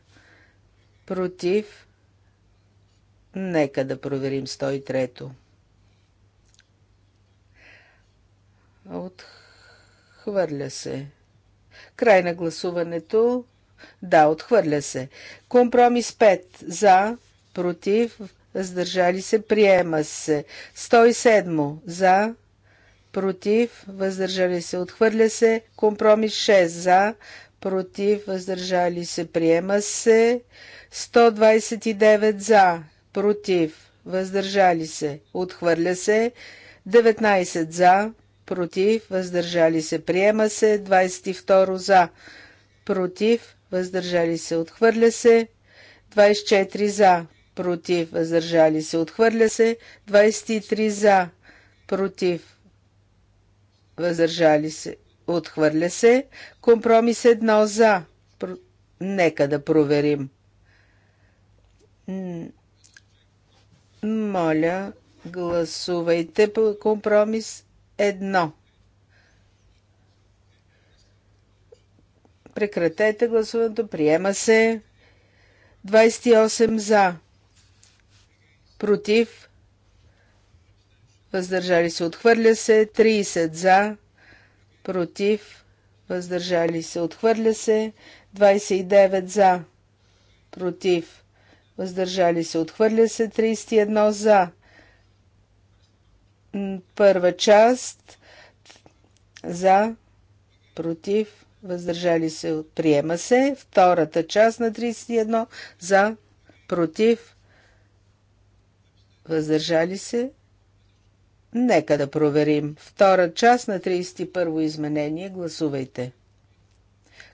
[SPEAKER 4] против. Нека да проверим 103-то. Отхвърля се. Край на гласуването. Да, отхвърля се. Компромис 5. За, против, въздържали се, приема се. 107. За, против, въздържали се, отхвърля се. Компромис 6. За, против, въздържали се, приема се. 129. За, против, въздържали се, отхвърля се. 19. За, против, въздържали се, приема се. 22 за, против, въздържали се, отхвърля се. 24 за, против, въздържали се, отхвърля се. 23 за, против, въздържали се, отхвърля се. Компромис 1 за. Про... Нека да проверим. Моля, гласувайте по компромис Едно. Прекратете гласуването. Приема се. 28 за. Против. Въздържали се. Отхвърля се. 30 за. Против. Въздържали се. Отхвърля се. 29 за. Против. Въздържали се. Отхвърля се. 31 за Първа част за, против, въздържали се, приема се. Втората част на 31 за, против, въздържали се. Нека да проверим. Втора част на 31 изменение. Гласувайте.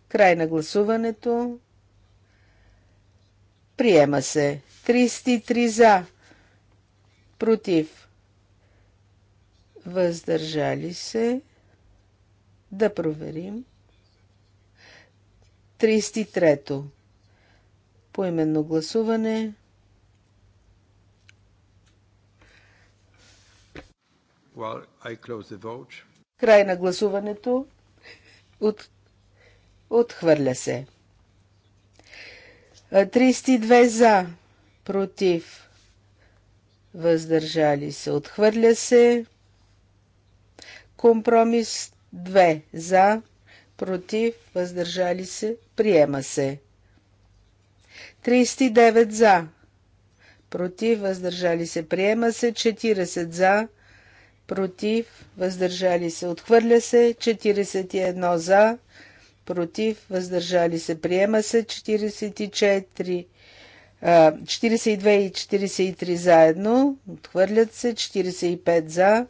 [SPEAKER 4] Край на гласуването. Приема се. 33 за. Против въздържали се, да проверим. 33-то. Поименно гласуване.
[SPEAKER 1] Well, I close the vote.
[SPEAKER 4] Край на гласуването. От... Отхвърля се. 32 за, против, въздържали се. Отхвърля се. Компромис 2 за, против, въздържали се, приема се. 39 за, против, въздържали се, приема се. 40 за, против, въздържали се, отхвърля се. 41 за, против, въздържали се, приема се. 44 42 и 43 заедно, отхвърлят се, 45 за,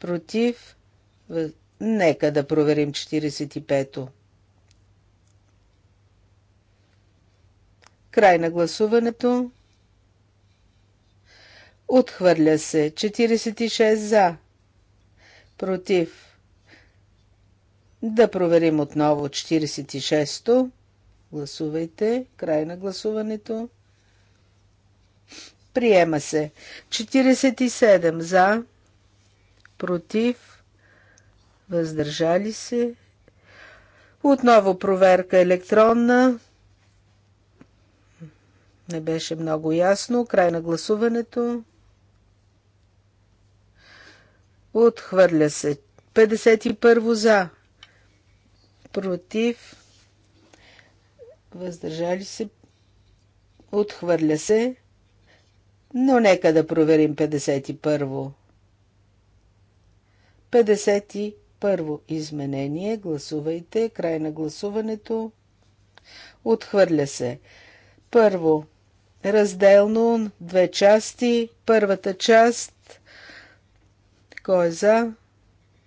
[SPEAKER 4] против, Нека да проверим 45-то. Край на гласуването. Отхвърля се 46 за. Против. Да проверим отново 46-то. Гласувайте. Край на гласуването. Приема се. 47 за. Против въздържали се. Отново проверка електронна. Не беше много ясно. Край на гласуването. Отхвърля се. 51 за. Против. Въздържали се. Отхвърля се. Но нека да проверим 51. 50. Първо изменение. Гласувайте. Край на гласуването. Отхвърля се. Първо. Разделно. Две части. Първата част. Кой е за?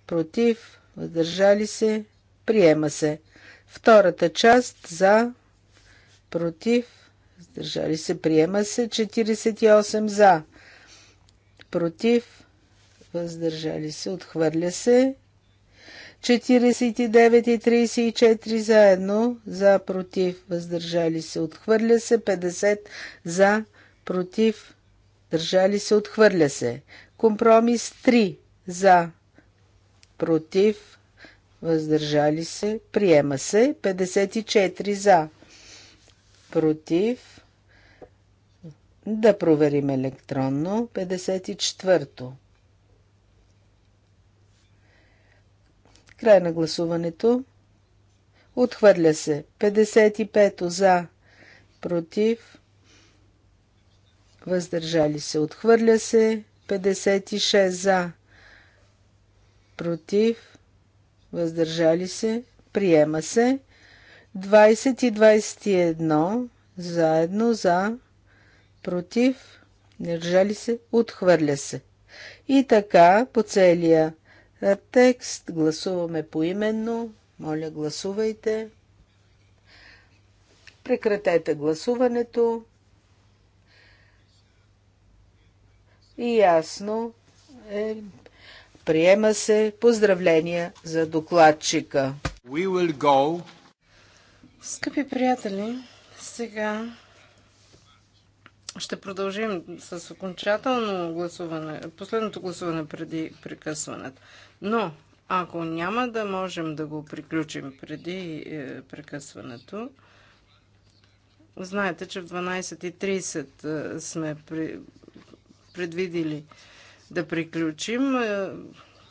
[SPEAKER 4] Против. Въздържали се. Приема се. Втората част. За. Против. Въздържали се. Приема се. 48 за. Против. Въздържали се. Отхвърля се. 49 и 34 заедно, за, против, въздържали се, отхвърля се, 50 за, против, държали се, отхвърля се. Компромис 3 за, против, въздържали се, приема се, 54 за, против, да проверим електронно, 54 Край на гласуването. Отхвърля се. 55 за, против, въздържали се. Отхвърля се. 56 за, против, въздържали се. Приема се. 20 и 21 заедно за, против, държали се, отхвърля се. И така по целия текст. Гласуваме поименно. Моля, гласувайте. Прекратете гласуването. И ясно е, приема се поздравления за докладчика. We will go. Скъпи приятели,
[SPEAKER 2] сега ще продължим с окончателно гласуване, последното гласуване преди прекъсването. Но, ако няма да можем да го приключим преди е, прекъсването, знаете, че в 12.30 е, сме предвидили да приключим. Е,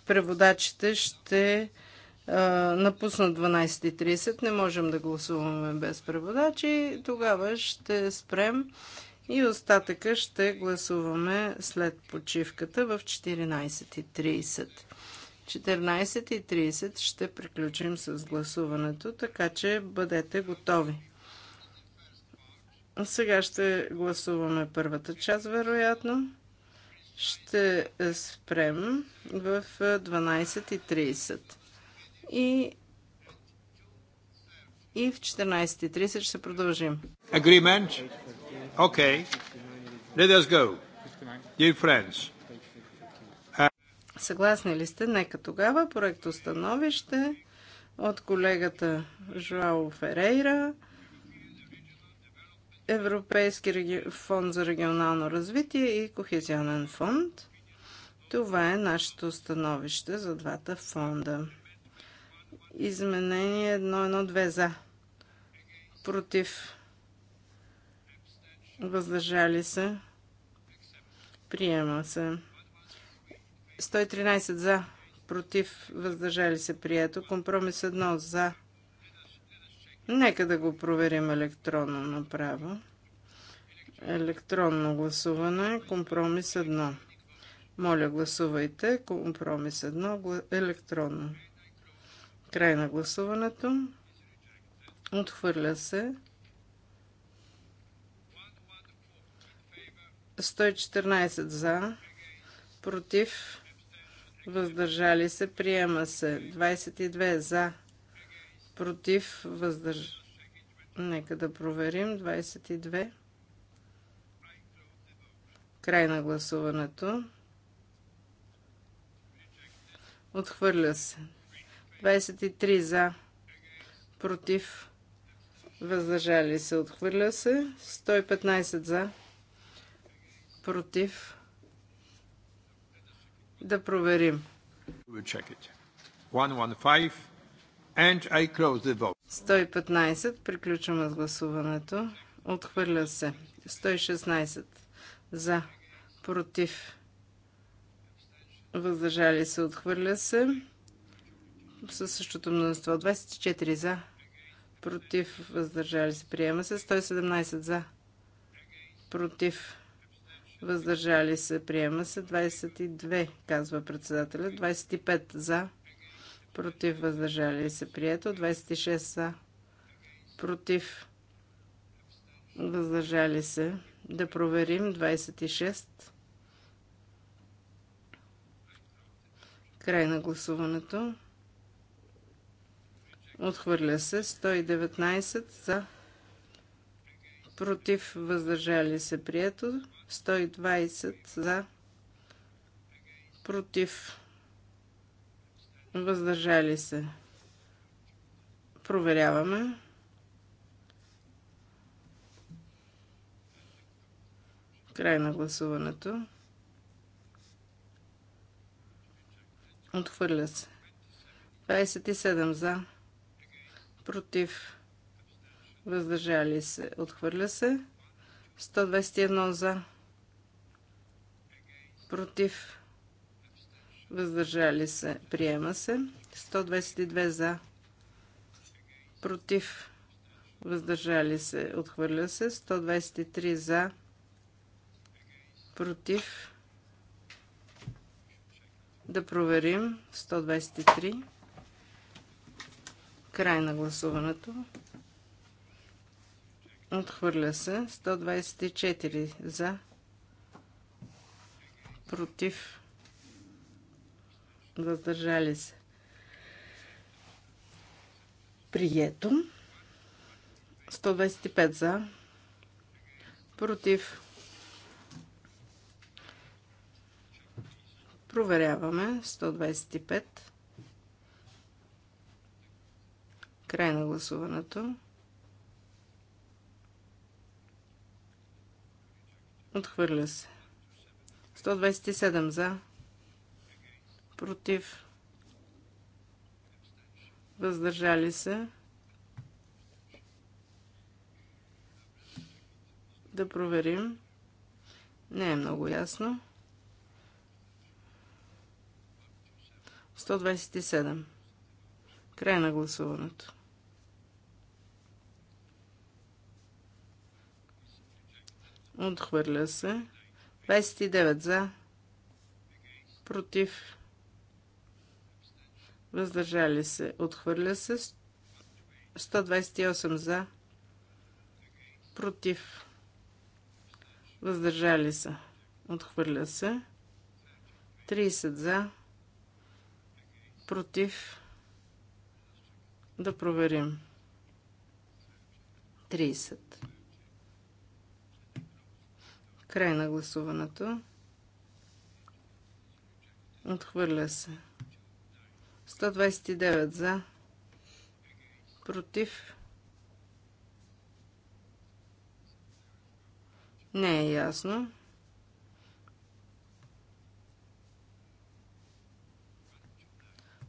[SPEAKER 2] преводачите ще напуснат 12.30. Не можем да гласуваме без преводачи. Тогава ще спрем и остатъка ще гласуваме след почивката в 14.30. 14.30 ще приключим с гласуването, така че бъдете готови. Сега ще гласуваме първата част, вероятно. Ще спрем в 12.30. И, и в 14.30 ще продължим.
[SPEAKER 1] Agreement? Okay. Let us go. Dear friends.
[SPEAKER 2] Съгласни ли сте? Нека тогава проекто становище от колегата Жуао Ферейра. Европейски фонд за регионално развитие и Кохезионен фонд. Това е нашето становище за двата фонда. Изменение 1-1-2 за. Против. Въздържали се. Приема се. 113 за, против, въздържали се, прието. Компромис 1 за. Нека да го проверим електронно направо. Електронно гласуване, компромис 1. Моля, гласувайте. Компромис 1, електронно. Край на гласуването. Отхвърля се. 114 за, против, въздържали се, приема се. 22 за, против, въздърж... Нека да проверим. 22. Край на гласуването. Отхвърля се. 23 за. Против. Въздържали се. Отхвърля се. 115 за. Против. Да проверим.
[SPEAKER 1] 115 and I close the vote.
[SPEAKER 2] 115. Приключваме с гласуването. Отхвърля се. 116. За. Против. Въздържали се. Отхвърля се. Със същото мнозинство. 24 за. Против. Въздържали се. Приема се. 117 за. Против въздържали се, приема се 22, казва председателя, 25 за, против, въздържали се, прието, 26 за, против, въздържали се, да проверим 26. Край на гласуването. Отхвърля се 119 за против, въздържали се, прието. 120 за, против, въздържали се. Проверяваме. Край на гласуването. Отхвърля се. 27 за, против, въздържали се, отхвърля се. 121 за, против, въздържали се, приема се. 122 за, против, въздържали се, отхвърля се. 123 за, против, да проверим. 123. Край на гласуването. Отхвърля се. 124 за. Против. Въздържали се. Прието. 125 за. Против. Проверяваме. 125. Край на гласуването. Отхвърля се. 127 за. Против. Въздържали се. Да проверим. Не е много ясно. 127. Край на гласуването. Отхвърля се. 29 за. Против. Въздържали се. Отхвърля се. 128 за. Против. Въздържали се. Отхвърля се. 30 за. Против. Да проверим. 30. Край на гласуването. Отхвърля се. 129 за. Против. Не е ясно.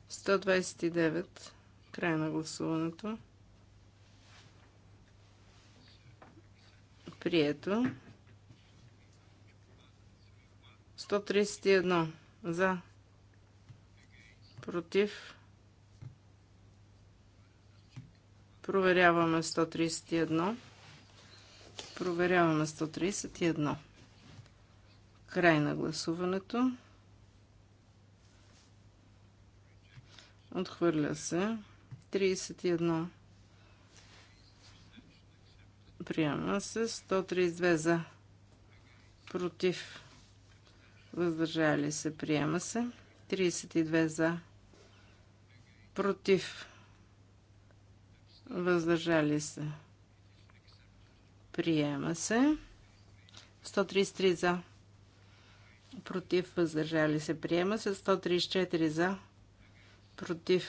[SPEAKER 2] Сто двадесет и девет. Край на гласуването. Прието. 131 за, против. Проверяваме 131. Проверяваме 131. Край на гласуването. Отхвърля се. 31. Приема се. 132 за. Против въздържали се, приема се. 32 за, против, въздържали се, приема се. 133 за, против, въздържали се, приема се. 134 за, против,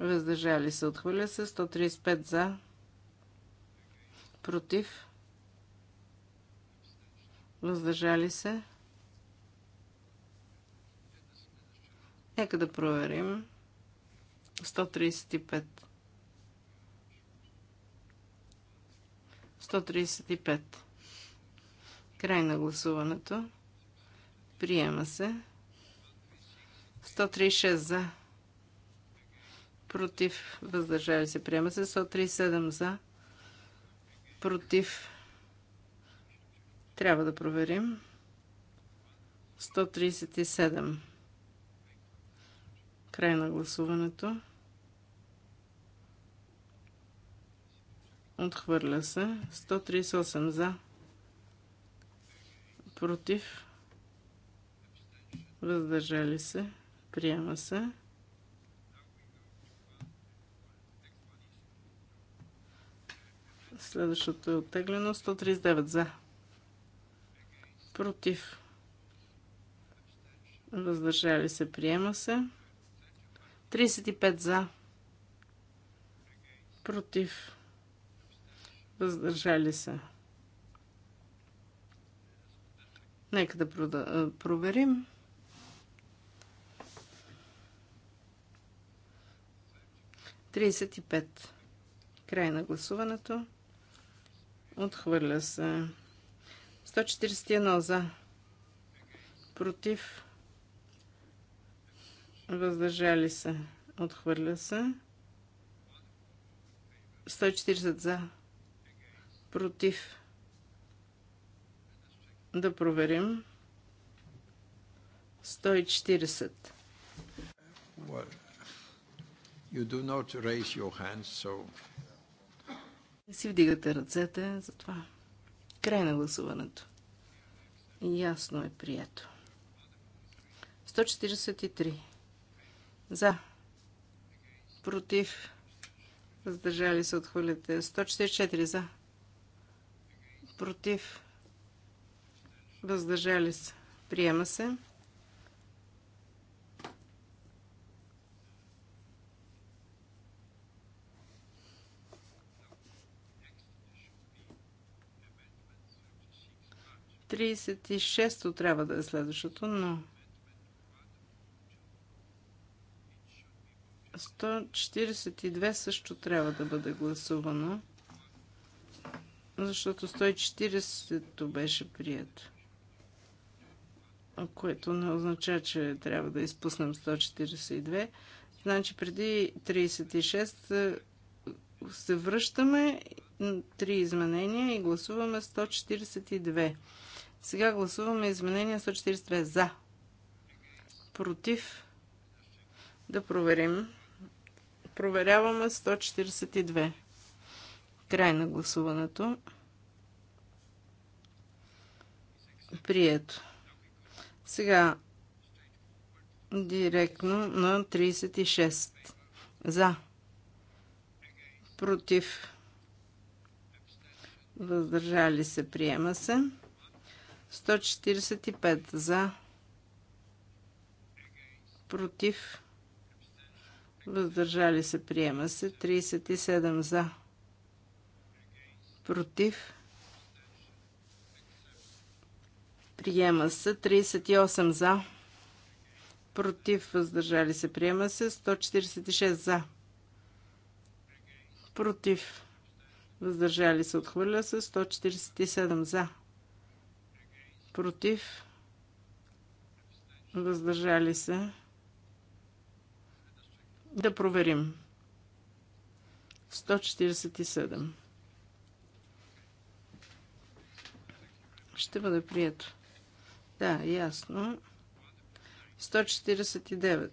[SPEAKER 2] въздържали се, отхвърля се. 135 за, против, въздържали се, се. Нека да проверим. 135. 135. Край на гласуването. Приема се. 136 за. Против. Въздържали се. Приема се. 137 за. Против. Трябва да проверим. 137. Край на гласуването. Отхвърля се. 138 за. Против. Въздържали се. Приема се. Следващото е оттеглено. 139 за. Против. Въздържали се. Приема се. 35 за. Против. Въздържали се. Нека да проверим. Тридесет и пет. Край на гласуването. Отхвърля се. 141 за. Против въздържали се, отхвърля се. 140 за, против. Да проверим. 140.
[SPEAKER 1] Well, you do not raise your hands, so...
[SPEAKER 2] Не си вдигате ръцете, затова. Край на гласуването. Ясно е прието. 143. За. Против. Въздържали се отхвърлите. 144 за. Против. Въздържали се. Приема се. Тридесет и шесто трябва да е следващото, но 142 също трябва да бъде гласувано, защото 140 беше прието. Което не означава, че трябва да изпуснем 142. Значи преди 36 се връщаме три изменения и гласуваме 142. Сега гласуваме изменения 142 за. Против. Да проверим. Проверяваме 142. Край на гласуването. Прието. Сега директно на 36. За. Против. Въздържали се. Приема се. 145 за. Против въздържали се, приема се. 37 за, против, приема се. 38 за, против, въздържали се, приема се. 146 за, против, въздържали се, отхвърля се. 147 за, против, въздържали се, да проверим. 147. Ще бъде прието. Да, ясно. 149.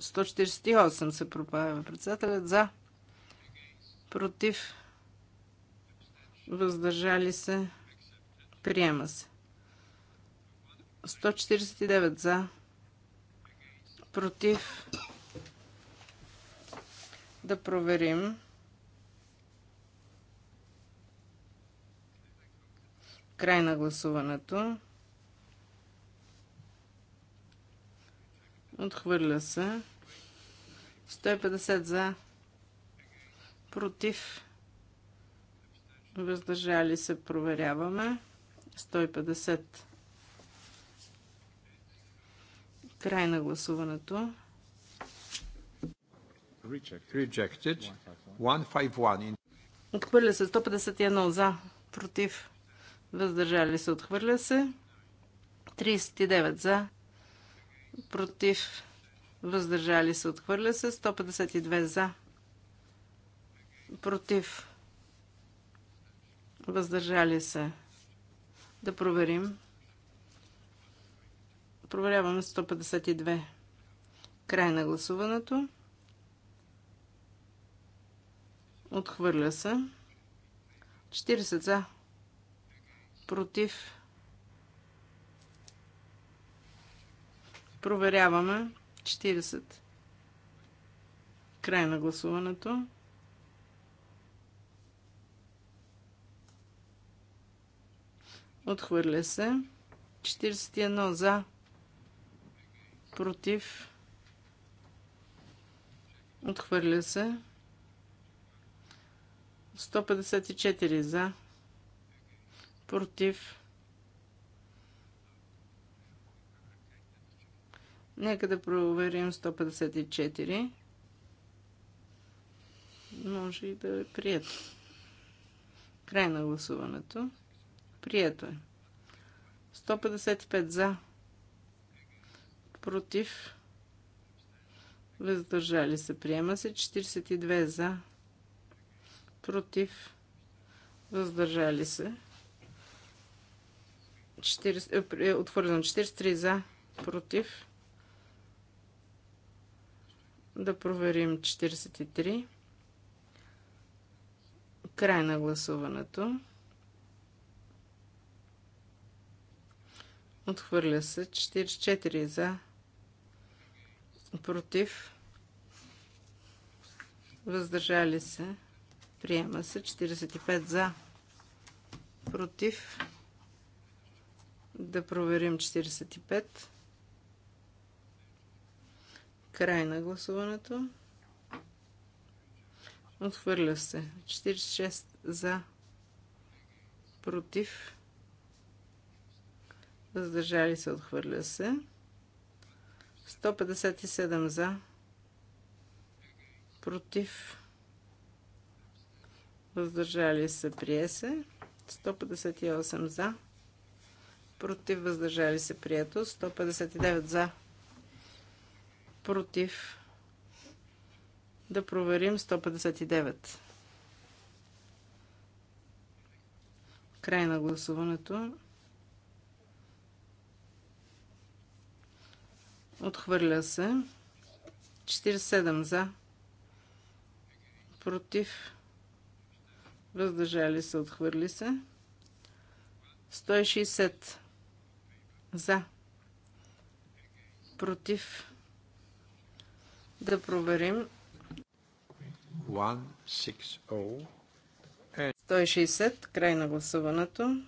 [SPEAKER 2] 148 се пропавя председателят. За. Против. Въздържали се. Приема се. 149 за против. Да проверим. Край на гласуването. Отхвърля се. 150 за. Против. Въздържали се. Проверяваме. 150. Край на гласуването. Отхвърля се 151 за, против, въздържали се, отхвърля се. 39 за, против, въздържали се, отхвърля се. 152 за, против, въздържали се. Да проверим. Проверяваме 152. Край на гласуването. Отхвърля се. 40 за. Против. Проверяваме. 40. Край на гласуването. Отхвърля се. 41 за против, отхвърля се. 154 за, против. Нека да проверим 154. Може и да е прието. Край на гласуването. Прието е. 155 за против, въздържали се, приема се 42 за, против, въздържали се. 40, 43 е, е, за, против. Да проверим 43. Край на гласуването. Отхвърля се 44 за, против, въздържали се, приема се 45 за, против, да проверим 45, край на гласуването, отхвърля се 46 за, против, въздържали се, отхвърля се. 157 за, против, въздържали се, прие се. 158 за, против, въздържали се, прието. 159 за, против. Да проверим 159. Край на гласуването. Отхвърля се. 47 за. Против. Въздържали се. Отхвърли се. 160 за. Против. Да проверим. 160. Край на гласуването.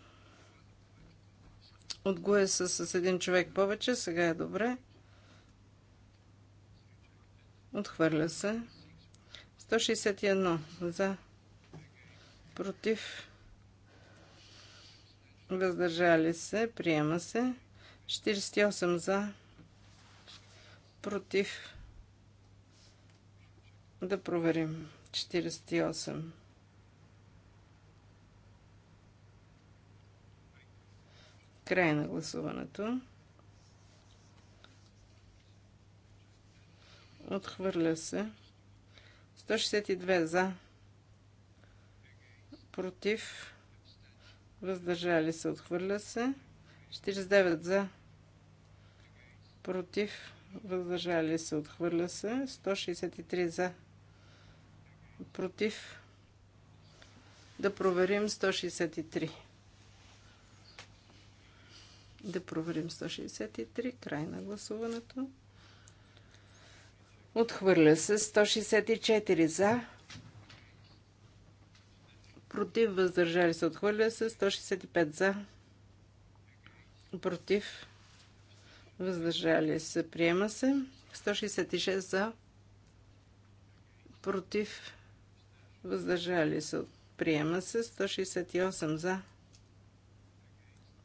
[SPEAKER 2] Отгое се с един човек повече. Сега е добре. Отхвърля се. 161 за. Против. Въздържали се. Приема се. 48 за. Против. Да проверим. 48. Край на гласуването. Отхвърля се. 162 за. Против. Въздържали се. Отхвърля се. 49 за. Против. Въздържали се. Отхвърля се. 163 за. Против. Да проверим 163. Да проверим 163. Край на гласуването. Отхвърля се 164 за. Против въздържали се. Отхвърля се 165 за. Против въздържали се. Приема се 166 за. Против въздържали се. Приема се 168 за.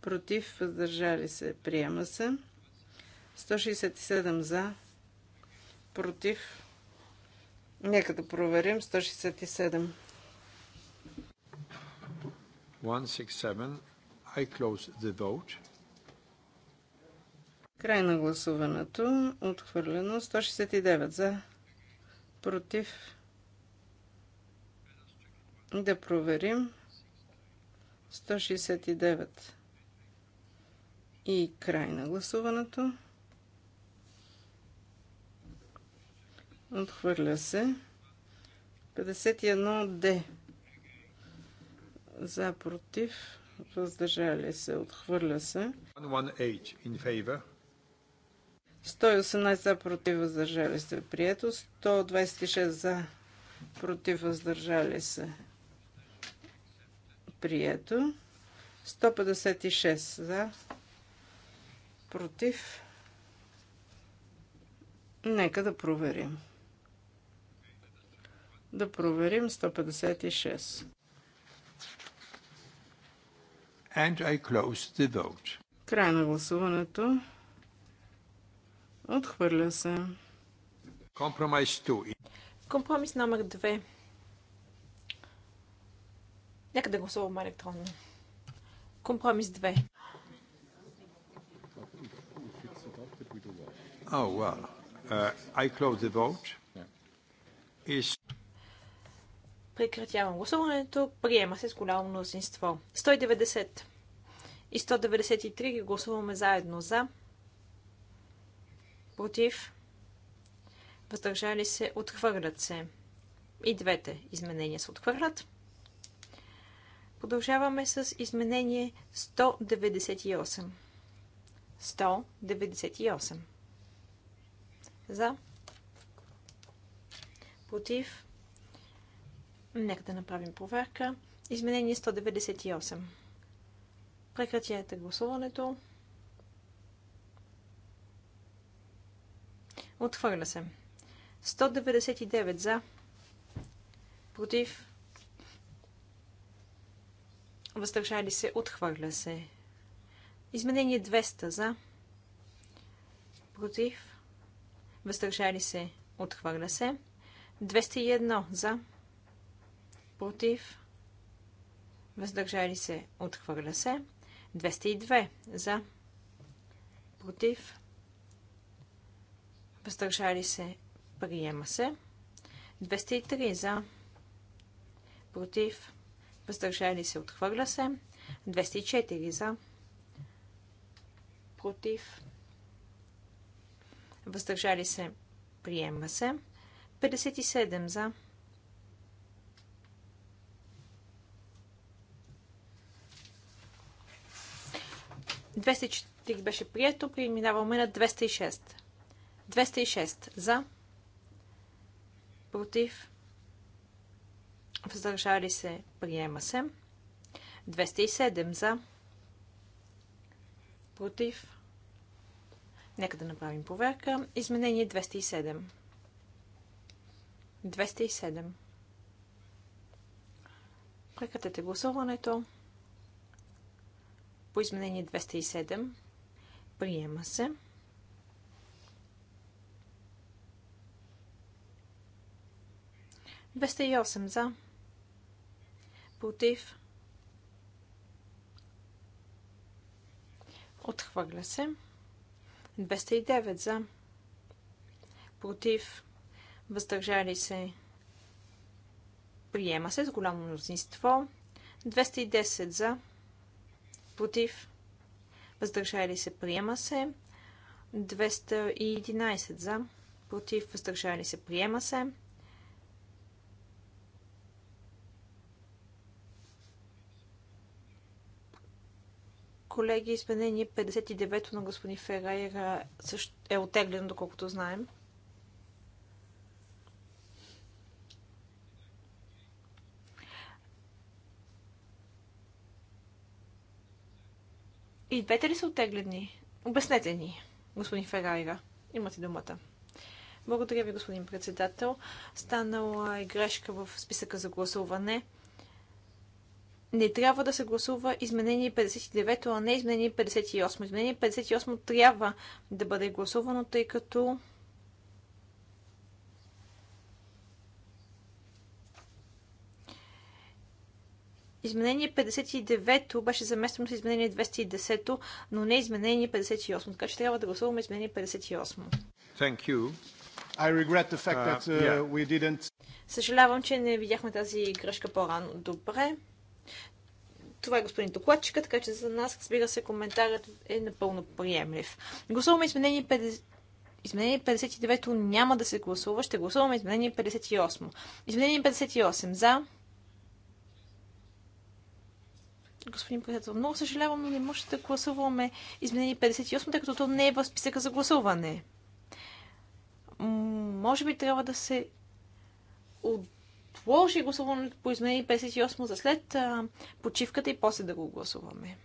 [SPEAKER 2] Против въздържали се. Приема се 167 за против. Нека да проверим 167.
[SPEAKER 1] 167. I close the vote.
[SPEAKER 2] Край на гласуването. Отхвърлено 169 за. Против. Да проверим. 169. И край на гласуването. Отхвърля се. 51 Д. За, против, въздържали се, отхвърля се.
[SPEAKER 1] 118
[SPEAKER 2] за, против, въздържали се, прието. 126 за, против, въздържали се, прието. 156 за, против. Нека да проверим. Да проверим 156.
[SPEAKER 1] And I close the vote.
[SPEAKER 2] Край на гласуването. Отхвърля се.
[SPEAKER 3] Компромис номер 2. Нека да гласуваме електронно. Компромис 2.
[SPEAKER 1] Oh, well. Uh, I close the vote.
[SPEAKER 3] Прекратявам гласуването. Приема се с голямо мнозинство. 190 и 193 ги гласуваме заедно за. Против. Въздържали се. Отхвърлят се. И двете изменения се отхвърлят. Продължаваме с изменение 198. 198. За. Против Нека да направим проверка. Изменение 198. Прекратяйте гласуването. Отхвърля се. 199 за. Против. Въздържали се. Отхвърля се. Изменение 200 за. Против. Въздържали се. Отхвърля се. 201 за против, въздържали се, отхвърля се. 202 за, против, въздържали се, приема се. 203 за, против, въздържали се, отхвърля се. 204 за, против, въздържали се, приема се. 57 за, 204 беше прието, преминаваме на 206. 206 за, против, въздържали се, приема се. 207 за, против, нека да направим проверка. Изменение 207. 207. Прекратете гласуването по изменение 207. Приема се. Двеста и осем за. Против. Отхвърля се. 209 за. Против. Въздържали се. Приема се с голямо мнозинство. 210 за против, въздържали се, приема се. 211 за, против, въздържали се, приема се. колеги, изменение 59 на господин Ферайра е оттеглено, доколкото знаем. И двете ли са отеглени? Обяснете ни, господин Ферайра. Имате думата. Благодаря ви, господин председател. Станала е грешка в списъка за гласуване. Не трябва да се гласува изменение 59, а не изменение 58. Изменение 58 трябва да бъде гласувано, тъй като Изменение 59-то беше заместено с изменение 210-то, но не изменение 58. Така че трябва да гласуваме изменение 58.
[SPEAKER 1] Thank you. I regret the fact uh, that uh, we didn't...
[SPEAKER 3] Съжалявам, че не видяхме тази грешка по-рано. Добре. Това е господин докладчика, така че за нас, разбира се, коментарът е напълно приемлив. Гласуваме изменение 50... Изменение 59-то няма да се гласува. Ще гласуваме изменение 58. Изменение 58 за господин председател. Много съжалявам, но не може да гласуваме изменение 58, тъй като то не е в списъка за гласуване. Може би трябва да се отложи гласуването по изменение 58 за след а, почивката и после да го гласуваме.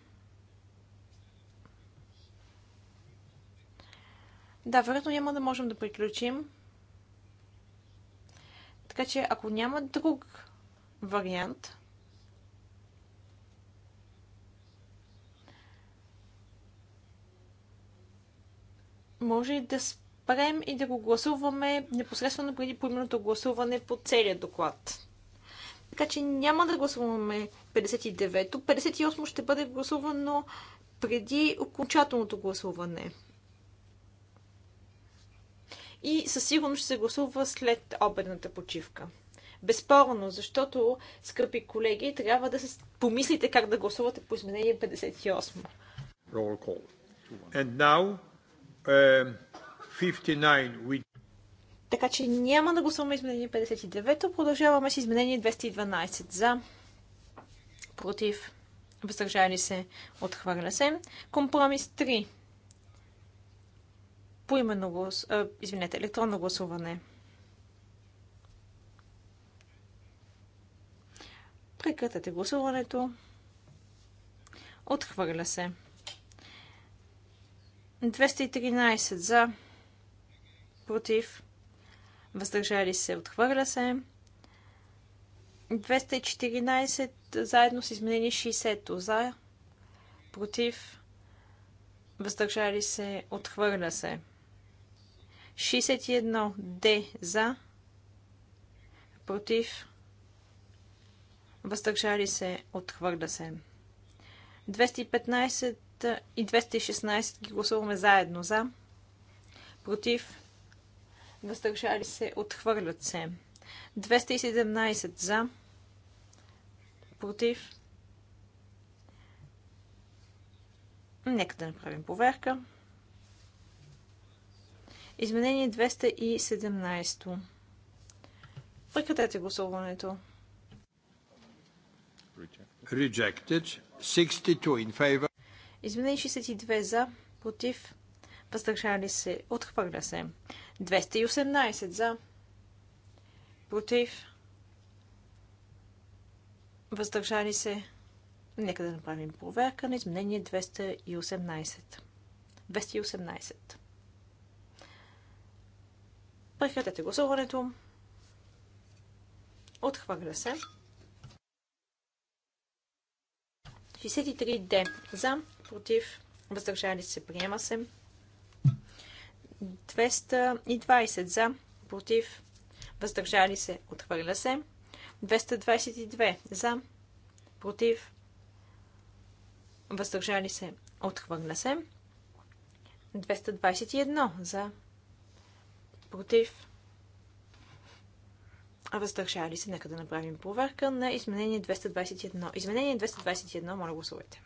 [SPEAKER 3] Да, вероятно няма да можем да приключим. Така че, ако няма друг вариант, може и да спрем и да го гласуваме непосредствено преди поименното гласуване по целия доклад. Така че няма да гласуваме 59-то. 58 ще бъде гласувано преди окончателното гласуване. И със сигурност ще се гласува след обедната почивка. Безспорно, защото, скъпи колеги, трябва да се помислите как да гласувате по изменение 58.
[SPEAKER 1] And now 59. Е,
[SPEAKER 3] така че няма да гласуваме изменение 59. Продължаваме с изменение 212. За, против, въздържали се, отхвърля се. Компромис 3. Поименно глас... извинете, електронно гласуване. Прекратете гласуването. Отхвърля се. 213 за, против, въздържали се, отхвърля се. 214 заедно с изменение 60 за, против, въздържали се, отхвърля се. 61 Д за, против, въздържали се, отхвърля се. 215 и 216 ги гласуваме заедно. За, против, въздържали се, отхвърлят се. 217 за, против. Нека да направим поверка. Изменение 217. Прекратете гласуването.
[SPEAKER 1] Rejected. 62 in favor.
[SPEAKER 3] Изменение 62 за, против, въздържали се, отхвърля се. 218 за, против, въздържали се. Нека да направим проверка на изменение 218. 218. Прекратете гласуването. Отхвърля се. 63 Д за против, въздържали се, приема се. 220 за, против, въздържали се, отхвърля се. 222 за, против, въздържали се, отхвърля се. 221 за, против, въздържали се. Нека да направим проверка на изменение 221. Изменение 221, моля гласувайте.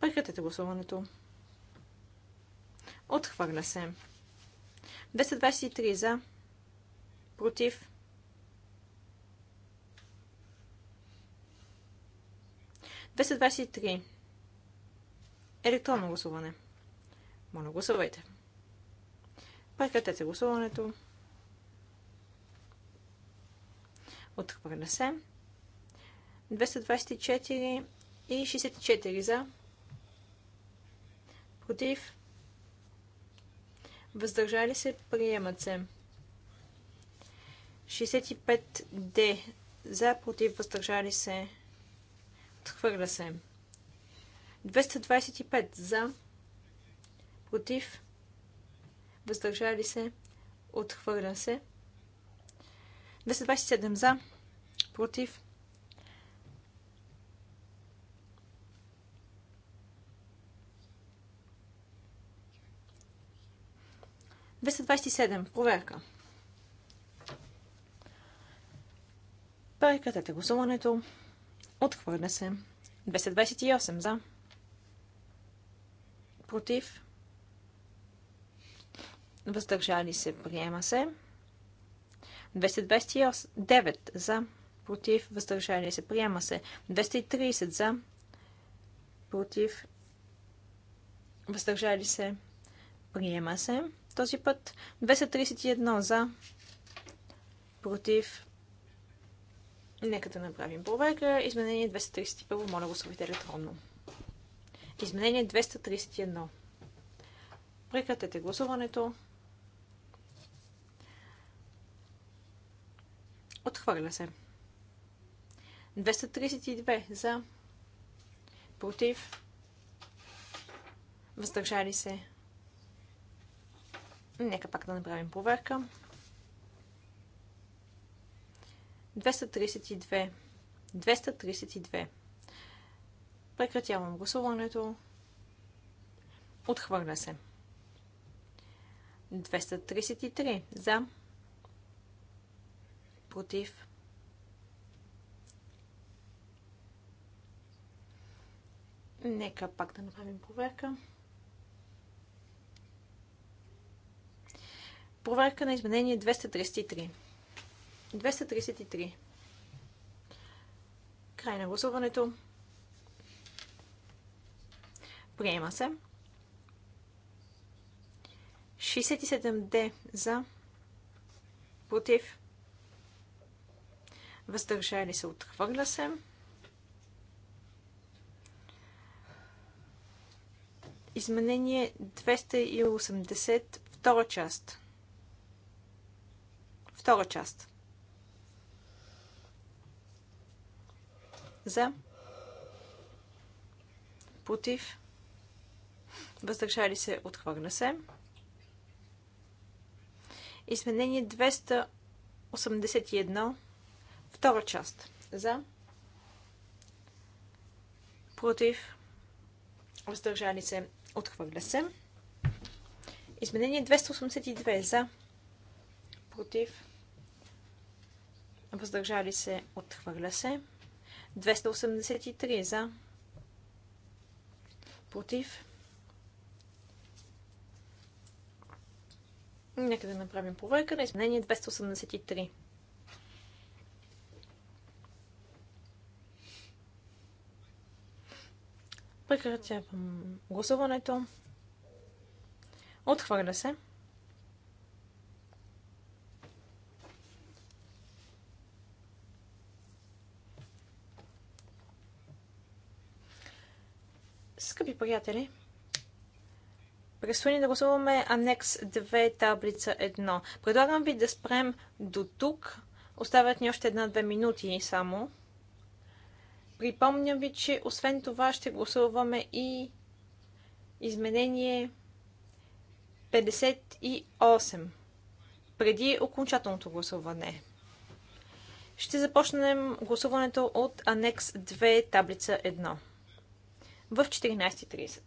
[SPEAKER 3] Прекратете гласуването. Отхвърля се. 223 за. Против. три. Електронно гласуване. Моля, гласувайте. Прекратете гласуването. Отхвърля се. 224 и 64 за против, въздържали се, приемат се. 65D за, против, въздържали се, отхвърля се. 225 за, против, въздържали се, отхвърля се. 227 за, против, 227. Проверка. Прекратете гласуването. Отхвърля се. 228 за. Против. Въздържали се. Приема се. 229 за. Против. Въздържали се. Приема се. 230 за. Против. Въздържали се. Приема се. Този път 231 за, против. Нека да направим проверка. Изменение 231. Моля, го гласувайте електронно. Изменение 231. Прекратете гласуването. Отхвърля се. 232 за. Против. Въздържали се. Нека пак да направим проверка. 232. 232. Прекратявам гласуването. Отхвърля се. 233. За. Против. Нека пак да направим проверка. Проверка на изменение 233. 233. Край на гласуването. Приема се. 67D за. Против. Въздържали се. Отхвърля се. Изменение 280. Втора част. Втора част. За. Против. Въздържали се. Отхвърля се. Изменение 281. Втора част. За. Против. Въздържали се. Отхвърля се. Изменение 282. За. Против въздържали се, отхвърля се. 283 за, против. Нека да направим проверка на изменение 283. Прекратявам гласуването. Отхвърля се. приятели, предстои ни да гласуваме анекс 2, таблица 1. Предлагам ви да спрем до тук. Оставят ни още една-две минути само. Припомням ви, че освен това ще гласуваме и изменение 58 преди окончателното гласуване. Ще започнем гласуването от анекс 2, таблица 1 в 14.30.